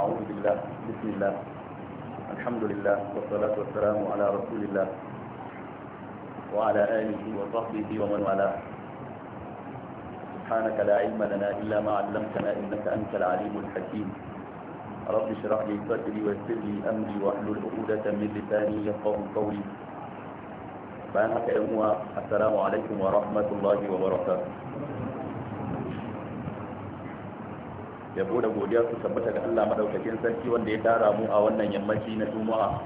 أعوذ بالله بسم الله الحمد لله والصلاة والسلام على رسول الله وعلى آله وصحبه ومن والاه سبحانك لا علم لنا إلا ما علمتنا إنك أنت العليم الحكيم رب اشرح لي صدري ويسر لي أمري واحلل عقدة من لساني يفقه قولي فأنا كأمة السلام عليكم ورحمة الله وبركاته yabo da godiya su tabbata ga Allah madaukakin sarki wanda ya tara mu a wannan yammaci na Juma'a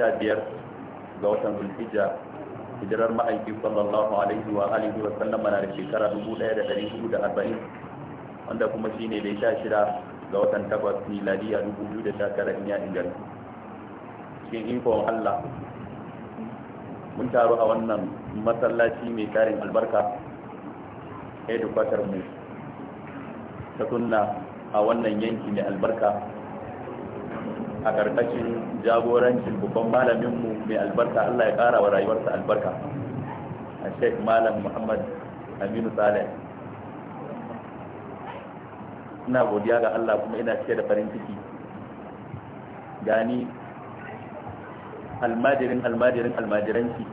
15 ga watan Zulhijja hijirar ma'aiki sallallahu alaihi wa alihi wa sallama na da shekara 1440 wanda kuma shine da 16 ga watan Takwas miladiya 2019 in ya inganta cikin ikon Allah mun taru a wannan masallaci mai tarin albarka kwatar mu ta sunna a wannan yanki mai albarka a ƙarƙashin jagorancin babban malaminmu mai albarka Allah ya ƙara wa rayuwarsa albarka a sheik malam muhammad aminu saleh ina godiya ga Allah kuma ina ce da farin ciki gani almajirin almajirin almajiranci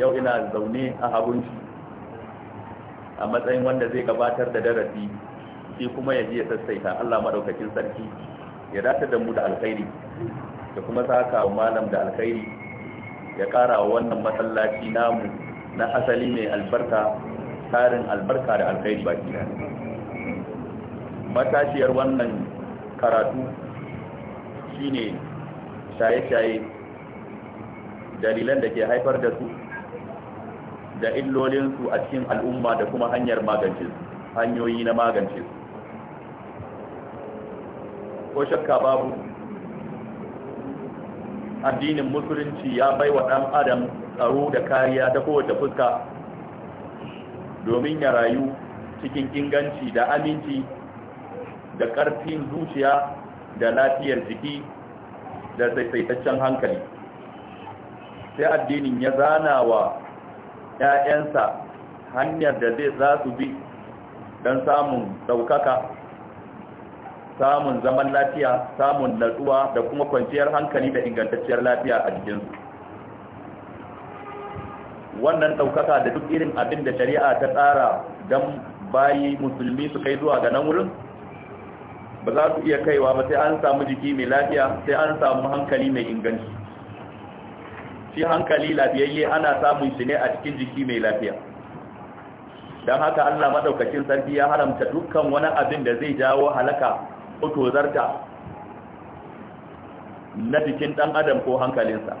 yau ina zaune a hagunci a matsayin wanda zai gabatar da darasi shi kuma ya ji ya sassaita Allah madaukakin sarki ya dace da mu da alkhairi da kuma saka malam da alkhairi ya kara wa wannan masallaci namu na asali mai albarka tarin albarka da alkhairi baki da matashiyar wannan karatu shine shaye-shaye dalilan da ke haifar da su da illolinsu a cikin al'umma da kuma hanyar magance su hanyoyi na magance su ko shakka babu addinin musulunci ya bai wa ɗan adam tsaro da kariya ta kowace fuska domin ya rayu cikin inganci da aminci da ƙarfin zuciya da lafiyar jiki da saisaitaccen hankali sai addinin ya zana wa ‘ya'yansa hanyar da zai za su bi don samun ɗaukaka samun zaman lafiya samun natsuwa da kuma kwanciyar hankali da ingantacciyar lafiya a jikinsu wannan ɗaukaka da duk irin abin da shari'a ta tsara don bayi musulmi su kai zuwa ga nan wurin ba za su iya kaiwa ba sai an samu jiki mai lafiya sai an samu hankali mai inganci shi hankali lafiyayye ana samun shi ne a cikin jiki mai lafiya don haka Allah maɗaukacin sarki ya haramta dukkan wani abin da zai jawo halaka ko tozarta na jikin ɗan adam ko hankalinsa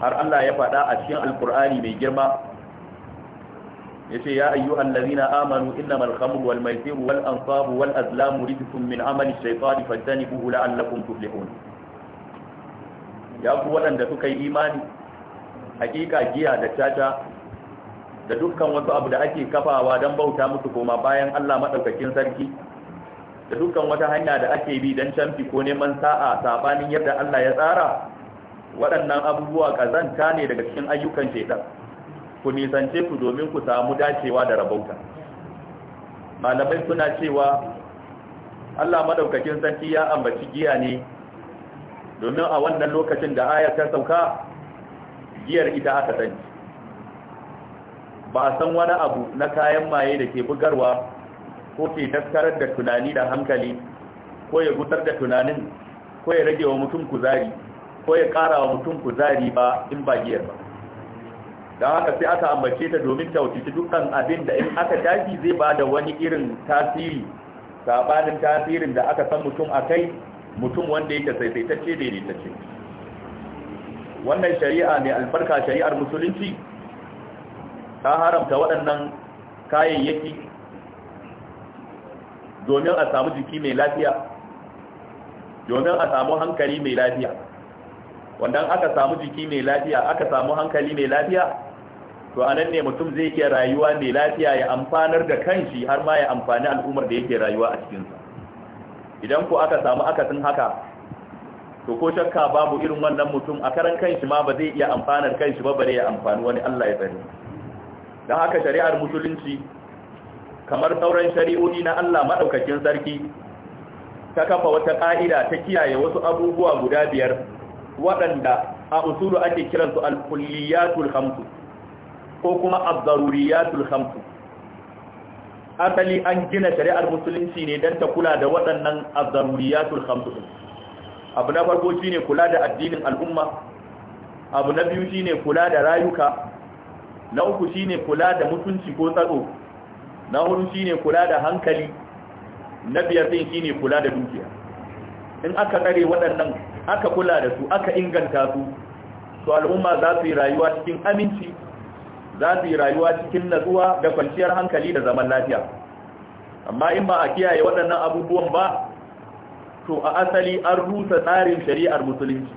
har Allah ya faɗa a cikin alkur'ani mai girma ya ce ya ayyuhan lazina amanu innamal khamru wal maisiru wal ansabu wal azlamu rijsun min amali shaytani fajtanibuhu la'allakum tuflihun ya ku waɗanda suka yi imani hakika giya da caca. da dukkan wasu abu da ake kafawa don bauta musu koma bayan Allah maɗaukakin sarki da dukkan wata hanya da ake bi don canfi ko neman sa'a sabanin yadda Allah ya tsara waɗannan abubuwa ƙazanta ne daga cikin ayyukan shaidan ku nisance ku domin ku samu dacewa da rabauta malamai suna cewa Allah maɗaukakin sarki ya ambaci giya ne domin a wannan lokacin da ayar ta sauka giyar ita aka sani ba a san wani abu na kayan maye da ke bugarwa ko ke taskarar da tunani da hankali ko ya gutar da tunanin ko ya rage wa mutum kuzari ko ya ƙara wa mutum kuzari ba in ba giyar ba don haka sai aka ambace ta domin tautici dukkan abin da in aka tashi zai ba da wani irin tasiri saɓanin tasirin da aka san mutum a kai mutum wanda yake saisaitacce daidaitacce wannan shari'a ne albarka shari'ar musulunci ta haramta waɗannan kayayyaki domin a samu jiki mai lafiya domin a samu hankali mai lafiya wanda aka samu jiki mai lafiya aka samu hankali mai lafiya to a ne mutum zai ke rayuwa mai lafiya ya amfanar da kanshi har ma ya amfani al'ummar da yake rayuwa a cikinsa idan ku aka samu akasin haka to ko shakka babu irin wannan mutum a karan kanshi ma ba zai iya amfanar kanshi ba bare ya amfani wani Allah ya tsare dan haka shari'ar musulunci kamar sauran shari'o'i na Allah madaukakin sarki ta kafa wata ka'ida ta kiyaye wasu abubuwa guda biyar waɗanda a usulu ake kiransu al-kulliyatul khamsu ko kuma al daruriyatul khamsu asali an gina shari'ar musulunci ne don ta kula da waɗannan azzaruriyatul hamsu abu na farko shine kula da addinin al'umma abu na biyu shine kula da rayuka na uku shine kula da mutunci ko tsaro na hudu shine kula da hankali na biyar din shine kula da dukiya in aka tsare waɗannan aka kula da su aka inganta su to al'umma za su yi rayuwa cikin aminci za su yi rayuwa cikin natsuwa da kwanciyar hankali da zaman lafiya amma in ba a kiyaye waɗannan abubuwan ba to a asali an rusa tsarin shari'ar musulunci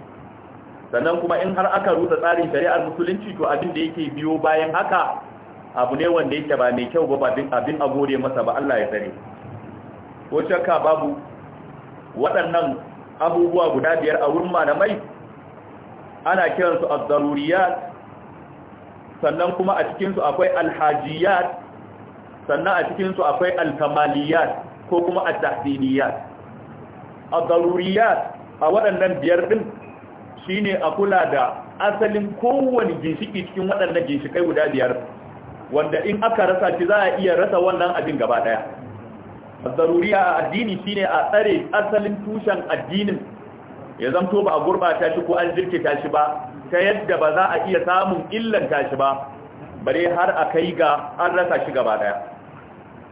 sannan kuma in har aka rusa tsarin shari'ar musulunci to abin da yake biyo bayan haka abu ne wanda yake ba mai kyau ba abin a gode masa ba Allah ya tsare ko shakka babu waɗannan abubuwa guda biyar a wurin malamai ana kiransu ad-daruriyat sannan kuma a cikinsu akwai alhajiyat sannan a cikinsu akwai alkamaliyat ko kuma attahsiniyat A zaruriyar, a waɗannan biyar din shine a kula da asalin kowane ginshiki cikin waɗannan ginshikai guda biyar wanda in aka rasa shi za a iya rasa wannan abin gaba ɗaya. A zaruriya, a addini shine a tsare asalin tushen addinin ya zamto ba a gurbata shi ko an jirkita shi ba ta yadda ba za a iya samun illanta shi ba bare har a kai ga an rasa shi gaba daya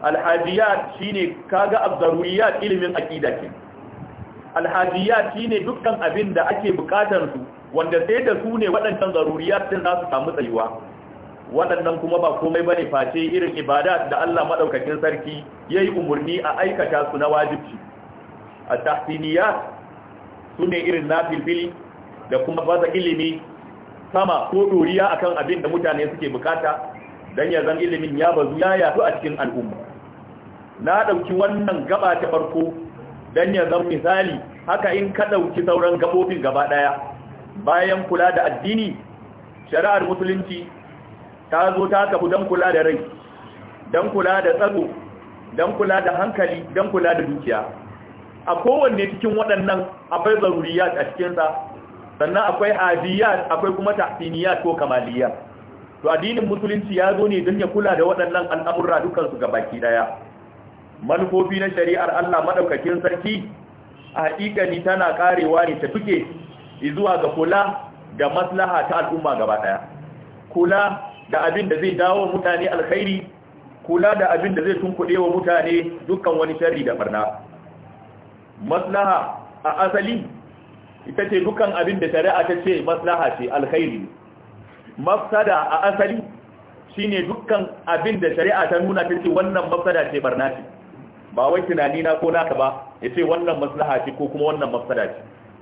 alhajiyat shine kaga abdaruriyat ilimin aqida ke alhajiyat shine dukkan abin da ake bukatar su wanda sai da su ne waɗannan zaruriyat din za su samu tsayuwa waɗannan kuma ba komai bane face irin ibadat da Allah madaukakin sarki yayi umarni a aikata su na wajibci. A tahsiniyat sune irin na filfili da kuma baza ilimi sama ko doriya akan abin da mutane suke bukata don ya zan ilimin ya bazu ya yato a cikin al'umma na ɗauki wannan gaba ta farko don ya zan misali haka in ka ɗauki sauran gabobin gaba ɗaya bayan kula da addini shari'ar musulunci ta zo ta kafu don kula da rai don kula da tsaro don kula da hankali don kula da dukiya a kowanne cikin waɗannan akwai zaruriyat a cikinsa sannan akwai adiyat akwai kuma tahsiniyat ko kamaliyat to addinin musulunci ya zo ne don ya kula da waɗannan al'amurra dukansu ga baki ɗaya manufofi na shari'ar Allah madaukakin sarki a haƙiƙani tana karewa ne ta tuke zuwa ga kula da maslaha ta al'umma gaba ɗaya kula da abin da zai dawo mutane alkhairi kula da abin da zai tunkuɗe wa mutane dukkan wani sharri da barna maslaha a asali ita ce dukan abin da shari'a ta ce maslaha ce alkhairi mafsada a asali shine dukkan abin da shari'a ta nuna ta ce wannan mafsada ce barna ce ba wai tunani na ko naka ba ya ce wannan maslaha ce ko kuma wannan mafsada ce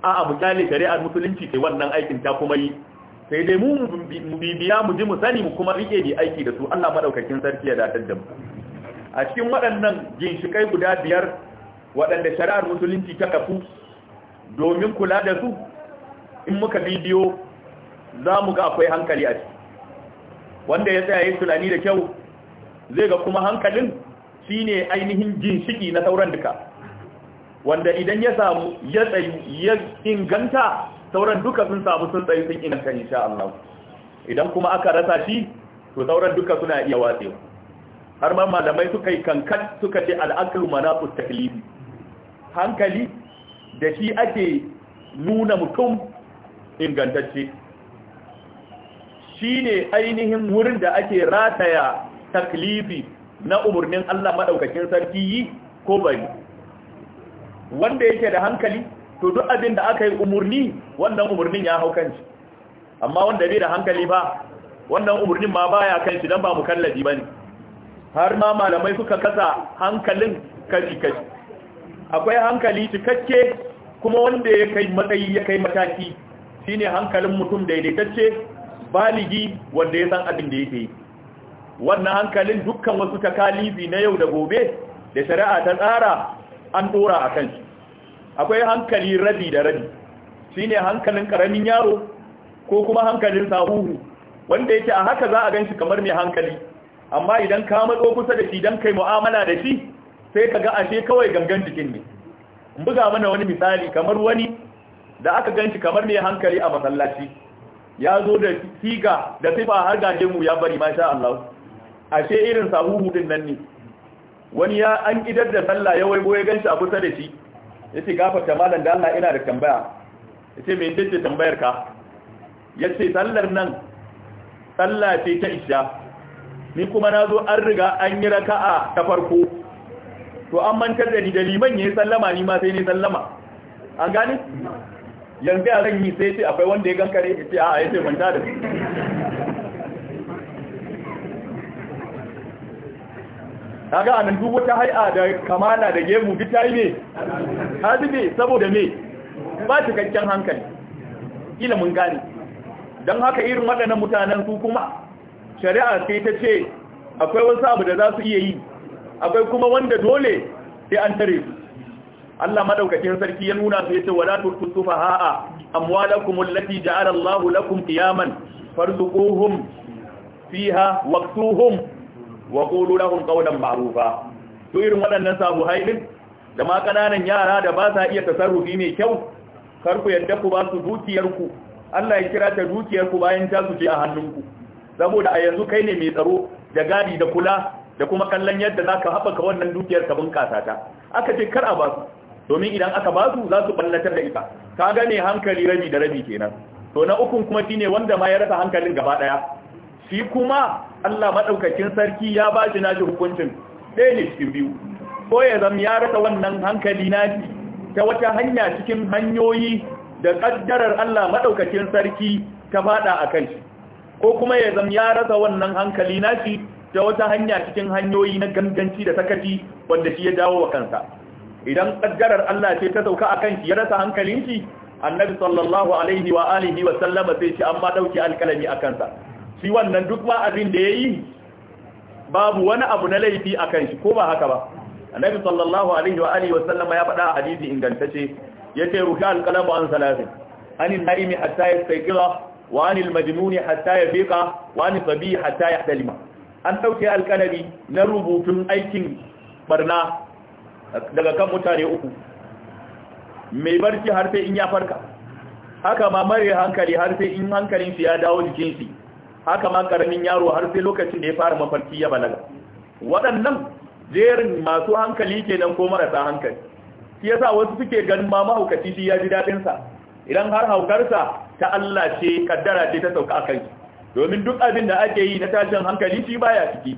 a'a mu kyale shari'ar musulunci ce wannan aikin ta kuma yi sai dai mu bibiya mu ji mu sani mu kuma rike ne aiki da su Allah madaukakin sarki ya datar da mu a cikin waɗannan ginshikai guda biyar waɗanda shari'ar musulunci ta kafu domin kula da su in muka bidiyo za mu ga akwai hankali a ciki wanda ya tsaye tunani da kyau zai ga kuma hankalin shine ainihin ginshiki na sauran duka wanda idan ya samu ya tsayu ya inganta sauran duka sun samu sun tsayu sun inganta insha Allah idan kuma aka rasa shi to sauran duka suna iya watsewa har ma malamai suka yi kankan suka ce al'aklu manaqut taklifi hankali da shi ake nuna mutum ingantacce shi ne ainihin wurin da ake rataya taklifi na umarnin Allah maɗaukakin sarki yi ko bari wanda yake da hankali to duk abin da aka yi umarni wannan umarnin ya hau kanci amma wanda bai da hankali ba wannan umarnin ma baya kanci don ba mu kallabi ba ne har ma malamai suka kasa hankalin kashi-kashi akwai hankali cikakke kuma wanda ya kai matsayi ya kai mataki shine hankalin mutum daidaitacce baligi wanda ya san abin da yake yi wannan hankalin dukkan wasu takalifi na yau da gobe da shari'a ta tsara an dora a kan shi akwai hankali rabi da rabi shine hankalin karamin yaro ko kuma hankalin sahuhu wanda yake a haka za a shi kamar mai hankali amma idan ka matso kusa da shi dan kai mu'amala da shi sai ka ga ashe kawai gangan jikin ne buga mana wani misali kamar wani da aka ganci kamar mai hankali a masallaci ya zo da siga da sifa har ga mu ya bari masha Allah ashe irin sahuhu din nan ne wani ya an idar da sallah ya waibo ya ganci a kusa da shi yace gafarta malam da Allah ina da tambaya yace me dace tambayar ka yace sallar nan sallah ce ta isha ni kuma na zo an riga an yi raka'a ta farko to an mantar da ni da liman ya yi sallama ni ma sai ne sallama an gane yanzu a zan yi sai ce akwai wanda ya gankare ya ce a ya ce manta da kaga anan dubu ta hai'a da kamala da gemu duk ta yi ne hazibe saboda me ba cikakken hankali ila mun gane don haka irin waɗannan mutanen su kuma shari'a sai ta ce akwai wasu abu da za su iya yi akwai kuma wanda dole sai an tare su Allah madaukakin sarki ya nuna su yace wala tutu fahaa amwalakum allati ja'ala Allah lakum qiyaman farzuquhum fiha waqtuhum wa qulu lahum qawlan ma'rufa to irin waɗannan sabu haidin da ma kananan yara da ba sa iya tasarrufi mai kyau kar ku yadda ku ba su dukiyarku Allah ya kira ta dukiyarku bayan ta su je a hannunku saboda a yanzu kai ne mai tsaro da gadi da kula da kuma kallon yadda za ka haɓaka wannan dukiyar ka bunƙasa ta aka ce kar a ba su domin idan aka ba su za su ballatar da ita ka gane hankali rabi da rabi kenan to na ukun kuma ne wanda ma ya rasa hankalin gaba ɗaya shi kuma Allah maɗaukakin sarki ya ba shi nashi hukuncin ɗaya ne cikin biyu ko ya zama ya rasa wannan hankali nashi ta wata hanya cikin hanyoyi da ƙaddarar Allah maɗaukakin sarki ta faɗa a kan shi ko kuma ya zama ya rasa wannan hankali nashi ta wata hanya cikin hanyoyi na ganganci da sakaci wanda shi ya dawo wa kansa idan ƙaddarar Allah ce ta sauka a kanki ya rasa hankalin annabi sallallahu alaihi wa alihi wa sallama sai shi amma dauki alkalami a kansa. shi wannan duk abin da yayi babu wani abu na laifi a kanshi, ko ba haka ba annabi sallallahu alaihi wa alihi wa sallama ya faɗa a hadisi ingantacce yace ruka alkalamu an salasin anil naimi hatta yastayqira wa anil majnuni hatta yafiqa wa anil sabi hatta yahdalima an ɗauke alƙalari na rubutun aikin barna daga kan mutane uku mai barci har sai in ya farka haka ma mare hankali har sai in hankalin su ya dawo jikinsu. haka ma karamin yaro har sai lokacin da ya fara mafarki ya balaga waɗannan jerin masu hankali kenan ko marasa hankali shi yasa wasu suke ganin ma mahaukaci shi ya ji daɗinsa idan har haukarsa ta Allah ce kaddara ce ta sauka a kai. domin duk abin da ake yi na tashin hankali shi baya ciki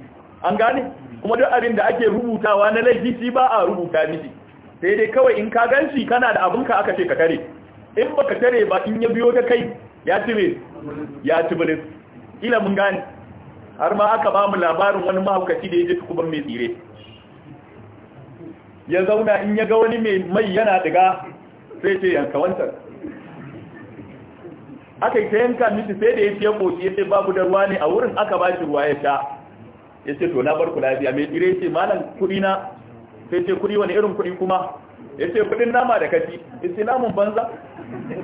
an gane kuma duk abin da ake rubutawa na laifi shi ba a rubuta miki sai dai kawai in ka ganshi kana da ka aka ce ka tare in baka tare ba in ya biyo ta kai ya tibe ya tibilis ila mun gane har ma aka ba mu labarin wani mahaukaci da ya ji tukuban mai tsire ya zauna in ya ga wani mai mai yana daga sai ce yanka wancan aka yi ta yanka miki sai da ya ce koki ya ce babu da ruwa ne a wurin aka ba shi ruwa ya sha ya ce to na bar ku lafiya mai tsire ce malam kuɗi na sai ce kuɗi wani irin kuɗi kuma ya ce kuɗin nama da kashi ya ce namun banza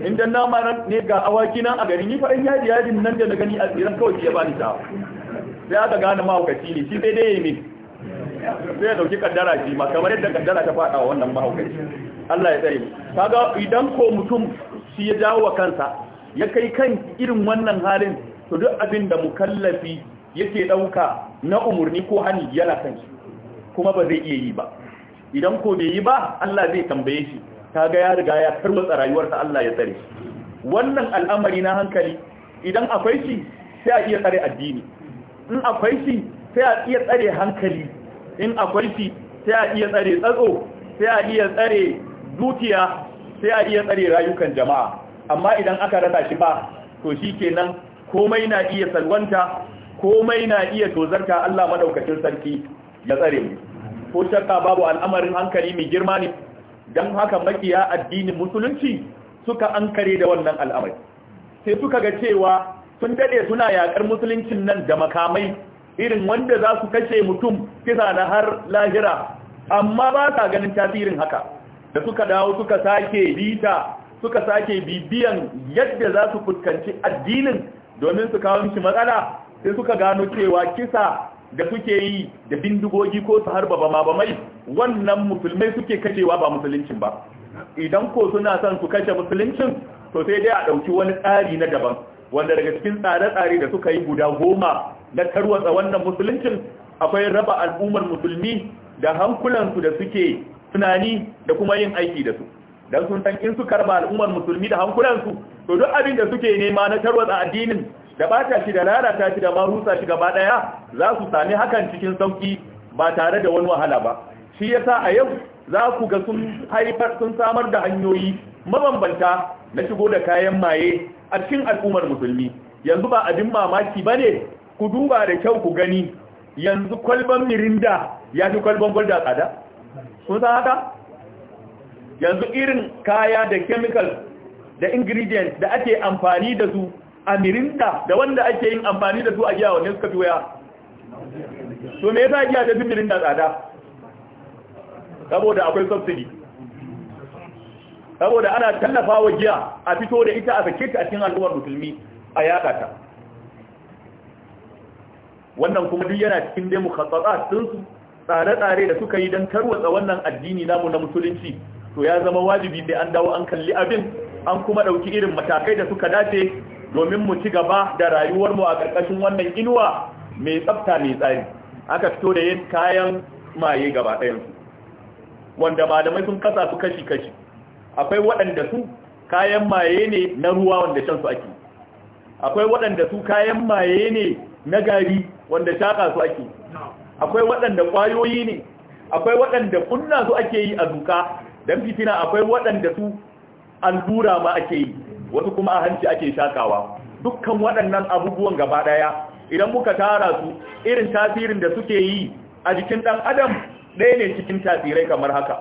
inda nama ne ga awaki nan a gari ni faɗin yadi yadin nan da na gani a tsiran kawai ya bani ta sai aka gane mahaukaci ne shi sai dai ya yi min. sai ya ɗauki kaddara shi ma kamar yadda kaddara ta faɗa wa wannan mahaukaci Allah ya tsare mu kaga idan ko mutum shi ya jawo wa kansa ya kai kan irin wannan halin to duk abin da mukallafi yake ɗauka na umarni ko hani yana kan shi kuma ba zai iya yi ba idan ko bai yi ba Allah zai tambaye shi ta ga ya riga ya rayuwarsa Allah ya tsare wannan al'amari na hankali idan akwai shi sai a iya tsare addini in akwai shi sai a iya tsare hankali in akwai shi sai a iya tsare tsatso sai a iya tsare dukiya sai a iya tsare rayukan jama'a amma idan aka rasa shi ba to shi kenan komai na iya salwanta komai na iya tozarta Allah madaukakin sarki ya tsare mu ko shakka babu al'amarin hankali mai girma ne dan haka makiya addinin musulunci suka ankare da wannan al'amari sai suka ga cewa sun dade suna yakar musuluncin nan da makamai irin wanda za su kashe mutum kisa na har lahira amma ba sa ganin tasirin haka da suka dawo suka sake bita suka sake bibiyan yadda za su fuskanci addinin domin su kawo mishi matsala sai suka gano cewa kisa da suke yi da bindigogi ko su harba bama mai, wannan musulmai suke kashewa ba musuluncin ba idan ko suna son su kashe musuluncin to sai dai a ɗauki wani tsari na daban wanda daga cikin tsare-tsare da suka yi guda goma na tarwatsa wannan musuluncin akwai raba al'ummar musulmi da hankulansu da suke tunani da kuma yin aiki da su dan sun san in su karba al'ummar musulmi da hankulansu to duk abin da suke nema na tarwatsa addinin da ba ta shi da lalata shi da rusa shi gaba daya za su sami hakan cikin sauki ba tare da wani wahala ba shi yasa a yau za ku ga sun haifar sun samar da hanyoyi mabambanta na shigo da kayan maye a cikin al'ummar musulmi yanzu ba abin mamaki ba ne ku duba da kyau ku gani yanzu kwalban mirinda ya fi kwalban gwalda tsada sun san haka yanzu irin kaya da chemical da ingredient da ake amfani da su a mirinda da wanda ake yin amfani da su a giya wanne suka fi waya to me yasa giya ta fi mirinda tsada saboda akwai subsidy saboda ana tallafa wa giya a fito da ita a sake ta a cikin al'ummar musulmi a yaka ta wannan kuma duk yana cikin dai mukhassasat tsare-tsare da suka yi don tarwatsa wannan addini namu na musulunci to ya zama wajibi sai an dawo an kalli abin an kuma ɗauki irin matakai da suka dace domin mu ci gaba da rayuwarmu a ƙarƙashin wannan inuwa mai tsafta mai tsari aka fito da yin kayan maye gaba su wanda malamai sun kasa su kashi-kashi akwai waɗanda su kayan maye ne na ruwa wanda shan su ake akwai waɗanda su kayan maye ne na gari wanda shaƙa su ake akwai waɗanda ƙwayoyi ne akwai waɗanda kunna su ake yi a duka dan fitina akwai waɗanda su allura ma ake yi wasu kuma a hanci ake shakawa dukkan waɗannan abubuwan gaba ɗaya idan muka tara su irin tasirin da suke yi a jikin ɗan adam ɗaya ne cikin tasirai kamar haka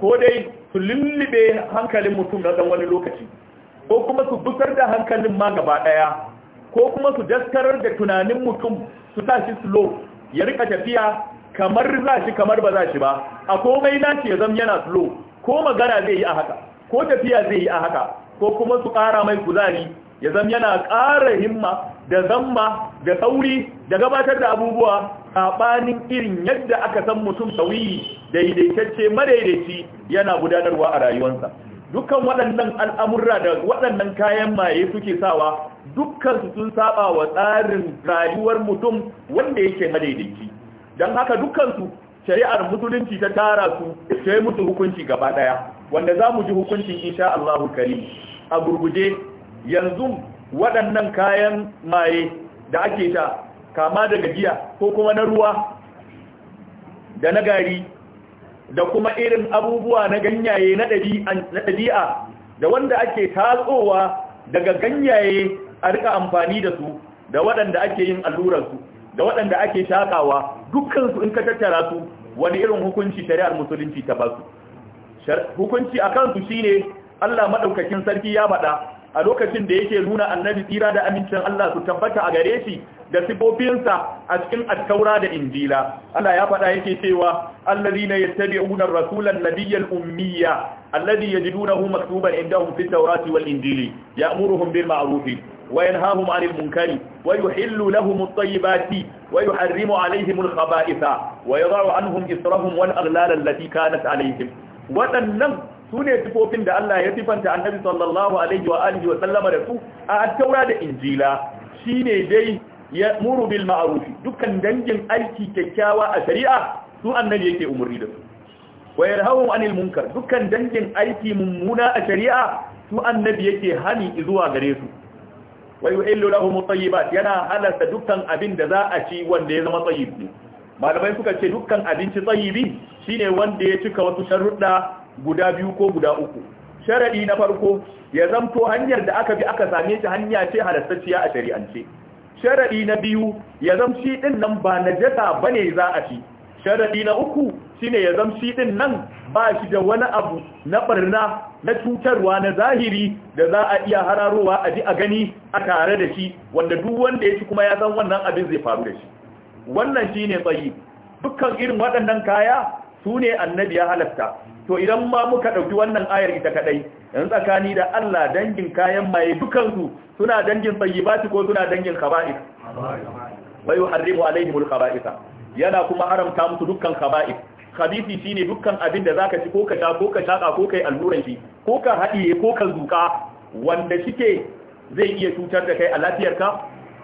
ko dai su lullube hankalin mutum na ɗan wani lokaci ko kuma su busar da hankalin ma gaba ɗaya ko kuma su daskarar da tunanin mutum su sa shi slow ya rika tafiya kamar za shi kamar ba za shi ba a komai na ya zama yana slow ko magana zai yi a haka ko tafiya zai yi a haka ko kuma su ƙara mai kuzari ya zama yana ƙara himma da zamma da sauri da gabatar da abubuwa saɓanin irin yadda aka san mutum sauyi daidaitacce madaidaici yana gudanarwa a rayuwarsa dukkan waɗannan al'amurra da waɗannan kayan maye suke sawa dukkan sun saba wa tsarin rayuwar mutum wanda yake madaidaici don haka dukkansu shari'ar musulunci ta tara su sai musu hukunci gaba daya wanda za mu ji hukuncin insha Allahu karim a gurguje yanzu waɗannan kayan maye da ake ta kama daga giya ko kuma na ruwa da na gari da kuma irin abubuwa na ganyaye na ɗabi'a da wanda ake tatsowa daga ganyaye a rika amfani da su da waɗanda ake yin allurarsu da waɗanda ake shakawa dukkansu in ka tattara su wani irin hukunci shari'ar musulunci ta basu hukunci a kansu shine Allah maɗaukakin sarki ya faɗa a lokacin da yake nuna annabi tsira da amincin Allah su tabbata a gare shi da sifofinsa a cikin atkaura da injila Allah ya faɗa yake cewa allazina yattabi'una ar-rasula an-nabiyyal ummiya alladhi yajidunahu maktuban indahum fit-taurati wal-injili ya'muruhum bil ma'arufi وينهاهم عن المنكر ويحل لهم الطيبات ويحرم عليهم الخبائث ويضع عنهم إسرهم والأغلال التي كانت عليهم وتنم sune sifofin da Allah ya sifanta Annabi sallallahu alaihi wa wa sallama da su a Attaura da Injila shine dai ya muru bil ma'ruf dukkan dangin aiki kyakkyawa a shari'a su Annabi yake umurni da su wa yarhawu anil dukkan dangin aiki mummuna a shari'a su Annabi yake hani zuwa gare wa yuhillu lahum at-tayyibat yana halarta dukkan abin da za a ci wanda ya zama tayyib malamai suka ce dukkan abinci tayyibi shine wanda ya cika wasu sharuɗa guda biyu ko guda uku sharadi na farko ya zamto hanyar da aka bi aka same shi hanya ce halastacciya a shari'ance sharadi na biyu ya ba din nan ba najasa bane za a ci sharadi na uku shine ya zamshi din nan ba shi da wani abu na barna na cutarwa na zahiri da za a iya hararowa a ji a gani a tare da shi wanda duk wanda ya ci kuma ya san wannan abin zai faru da shi wannan shine tsayi dukkan irin waɗannan kaya su ne annabi ya halatta to idan ma muka ɗauki wannan ayar ita kaɗai yan tsakani da Allah dangin kayan maye dukansu suna dangin tsayi basi ko suna dangin khaba'is wa yuharrimu alaihimul kabaisa yana kuma haramta musu dukkan khaba'if khabisi shine dukkan abin da zaka ci ko ka sha ko ka shaka ko kai alluran shi ko ka hadiye ko ka zuka wanda shike zai iya cutar da kai a lafiyarka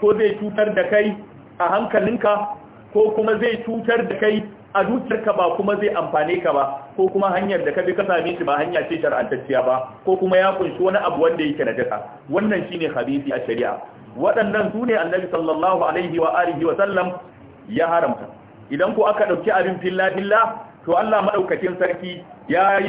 ko zai cutar da kai a hankalinka ko kuma zai cutar da kai a dukiyarka ba kuma zai amfane ka ba ko kuma hanyar da ka bi ka same shi ba hanya ce shar'antacciya ba ko kuma ya kunshi wani abu wanda yake najasa wannan shine khabisi a shari'a waɗannan su ne annabi sallallahu alaihi wa alihi wa sallam ya haramta idan ko aka ɗauki abin filla-filla to Allah maɗaukacin sarki ya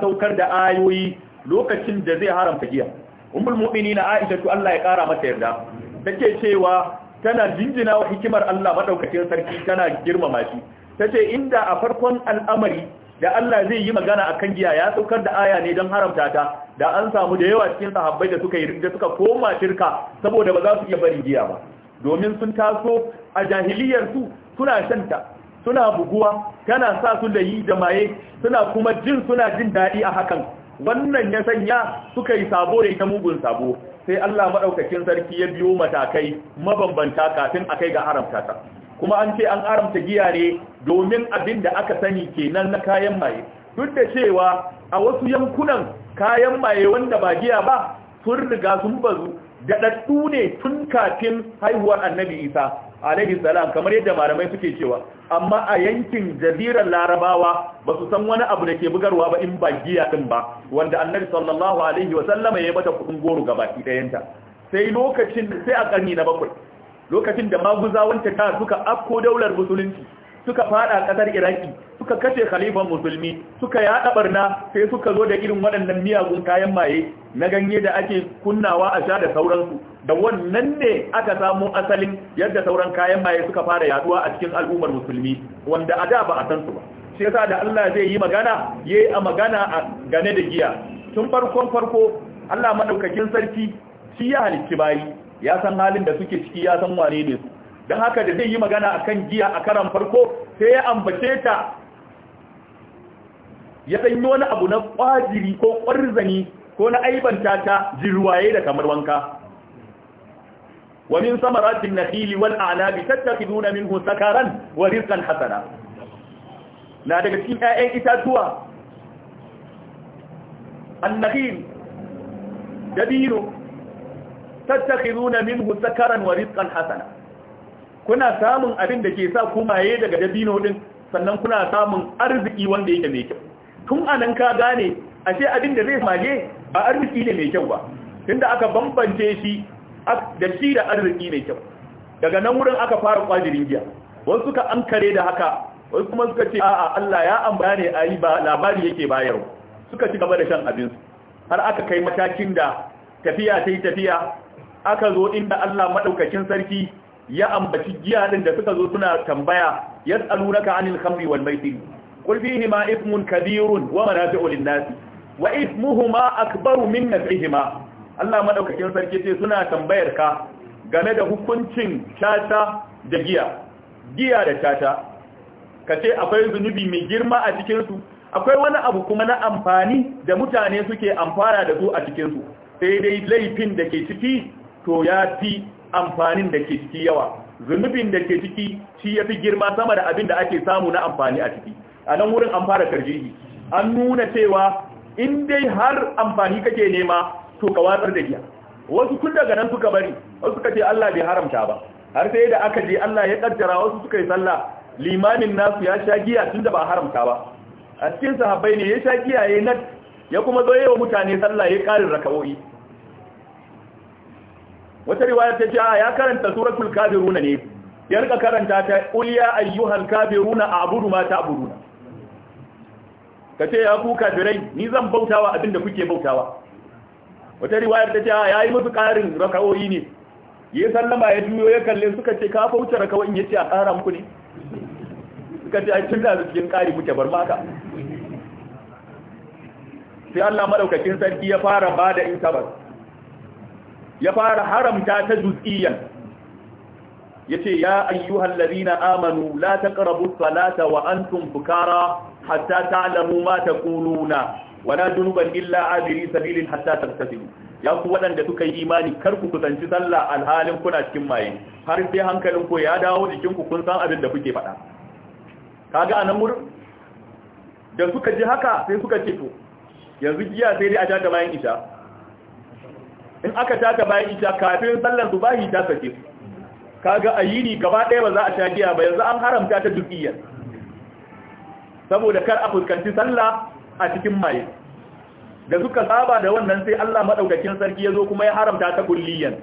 saukar da ayoyi lokacin da zai haramta giya Umar mu'mini na aisha to Allah ya ƙara mata yarda Ta take cewa tana jinjina wa hikimar Allah maɗaukacin sarki tana girmama shi ce inda a farkon al'amari da Allah zai yi magana akan giya ya saukar da aya ne don haramta ta da an samu da yawa cikin sahabbai da suka yi da suka koma shirka saboda ba za su iya barin giya ba domin sun taso a jahiliyar suna shanta suna buguwa tana sa su da yi da maye suna kuma jin suna jin daɗi a hakan wannan ya sanya suka yi sabo da ita mugun sabo sai Allah maɗaukakin sarki ya biyo matakai mabambanta kafin a kai ga haramta ta kuma an ce an haramta giya ne domin abin da aka sani kenan na kayan maye duk da cewa a wasu yankunan kayan maye wanda ba giya ba sun riga sun bazu daɗaɗɗu ne tun kafin haihuwar annabi isa alaihi salam kamar yadda malamai suke cewa amma a yankin jazirar larabawa ba su san wani abu da ke bugarwa ba in ba giya din ba wanda annabi sallallahu alaihi wasallama ya bata kudin goro gabaki dayanta sai lokacin sai a karni na bakwai lokacin da maguza ta suka afko daular musulunci suka fada kasar iraki suka kashe khalifan musulmi suka yaɗa barna sai suka zo da irin waɗannan miyagun kayan maye na ganye da ake kunnawa a sha da sauransu da wannan ne aka samu asalin yadda sauran kayan maye suka fara yaduwa a cikin al'ummar musulmi wanda a da ba a san su ba shi yasa da Allah zai yi magana yayi a magana a gane da giya tun farkon farko Allah madaukakin sarki shi ya halicci bayi ya san halin da suke ciki ya san wane ne su Da haka da zai yi magana a kan giya a karan farko sai ya ambace ta ya sanyi wani abu na ƙwajiri ko ƙwarzani ko na aibanta ta jirwaye da kamar wanka na fili ومن ثمرات nuna min تتخذون منه سكرا ورزقا حسنا na daga cikin ‘ya'yan itatuwa Annahin, dabino nuna min minhu sakaran wa rizqan hasana kuna samun abin da ke sa kumaye daga dabino din sannan kuna samun arziki wanda yake mai kyau tun anan ka gane ashe abin da zai mage ba arziki ne mai kyau ba tunda aka bambance shi da shi da arziki mai kyau daga nan wurin aka fara kwajirin giya wasu suka ankare da haka wasu kuma suka ce a'a Allah ya ambaya ne ayi ba labari yake bayarwa suka ci gaba da shan abin su har aka kai matakin da tafiya sai tafiya aka zo inda Allah maɗaukacin sarki ya ambaci giya din da suka zo suna tambaya Ya naka anil khamri wal maisir qul fihi ma ithmun kabirun wa manafi'u lin nas wa ithmuhuma akbaru min naf'ihima Allah madaukakin sarki ce suna tambayar ka game da hukuncin tata da giya giya da tata kace akwai zunubi mai girma a cikin su akwai wani abu kuma na amfani da mutane suke amfana da su a cikinsu sai dai laifin da ke ciki to ya fi amfanin da ke ciki yawa zunubin da ke ciki shi ya fi girma sama da abin da ake samu na amfani a ciki a nan wurin an fara tarjihi an nuna cewa in dai har amfani kake nema to ka watsar da giya wasu kun daga nan suka bari wasu suka ce Allah bai haramta ba har sai da aka je Allah ya kaddara wasu suka yi sallah limamin nasu ya sha giya tunda ba haramta ba a cikin sahabbai ne ya sha giya nat ya kuma zo yayin mutane sallah ya karin raka'o'i wata riwaya ta ce ya karanta suratul kafiruna ne ya rika karanta ta uliya ayyuhal kafiruna a'budu ma ta'buduna kace ya ku kafirai ni zan bautawa abinda kuke bautawa wata riwaya ta ce yayi musu karin raka'o'i ne ya sallama ya juyo ya kalle suka ce ka fauce raka'o'in ce a kara muku ne suka ce a cikin da cikin kari muke bar maka sai Allah madaukakin sarki ya fara bada intabar. ya fara haramta ta juz'iyyan yace ya ayyuhal ladina amanu la taqrabu salata wa antum fukara hatta ta'lamu ma taquluna wala junuban illa abiri sabilin hatta tartasilu ya ku waɗanda suka yi imani kar ku kusanci sallah alhalin kuna cikin maye har sai hankalin ku ya dawo jikin ku kun san abin da kuke faɗa kaga anan murin da suka ji haka sai suka ce to yanzu giya sai dai a ta bayan isha in aka taka bayan ita kafin sallar subahi ta sake kaga ayini gaba ɗaya ba za a sha giya ba yanzu an haramta ta dukiyar saboda kar a fuskanci sallah a cikin maye da suka saba da wannan sai Allah madaukakin sarki yazo kuma ya haramta ta kulliyan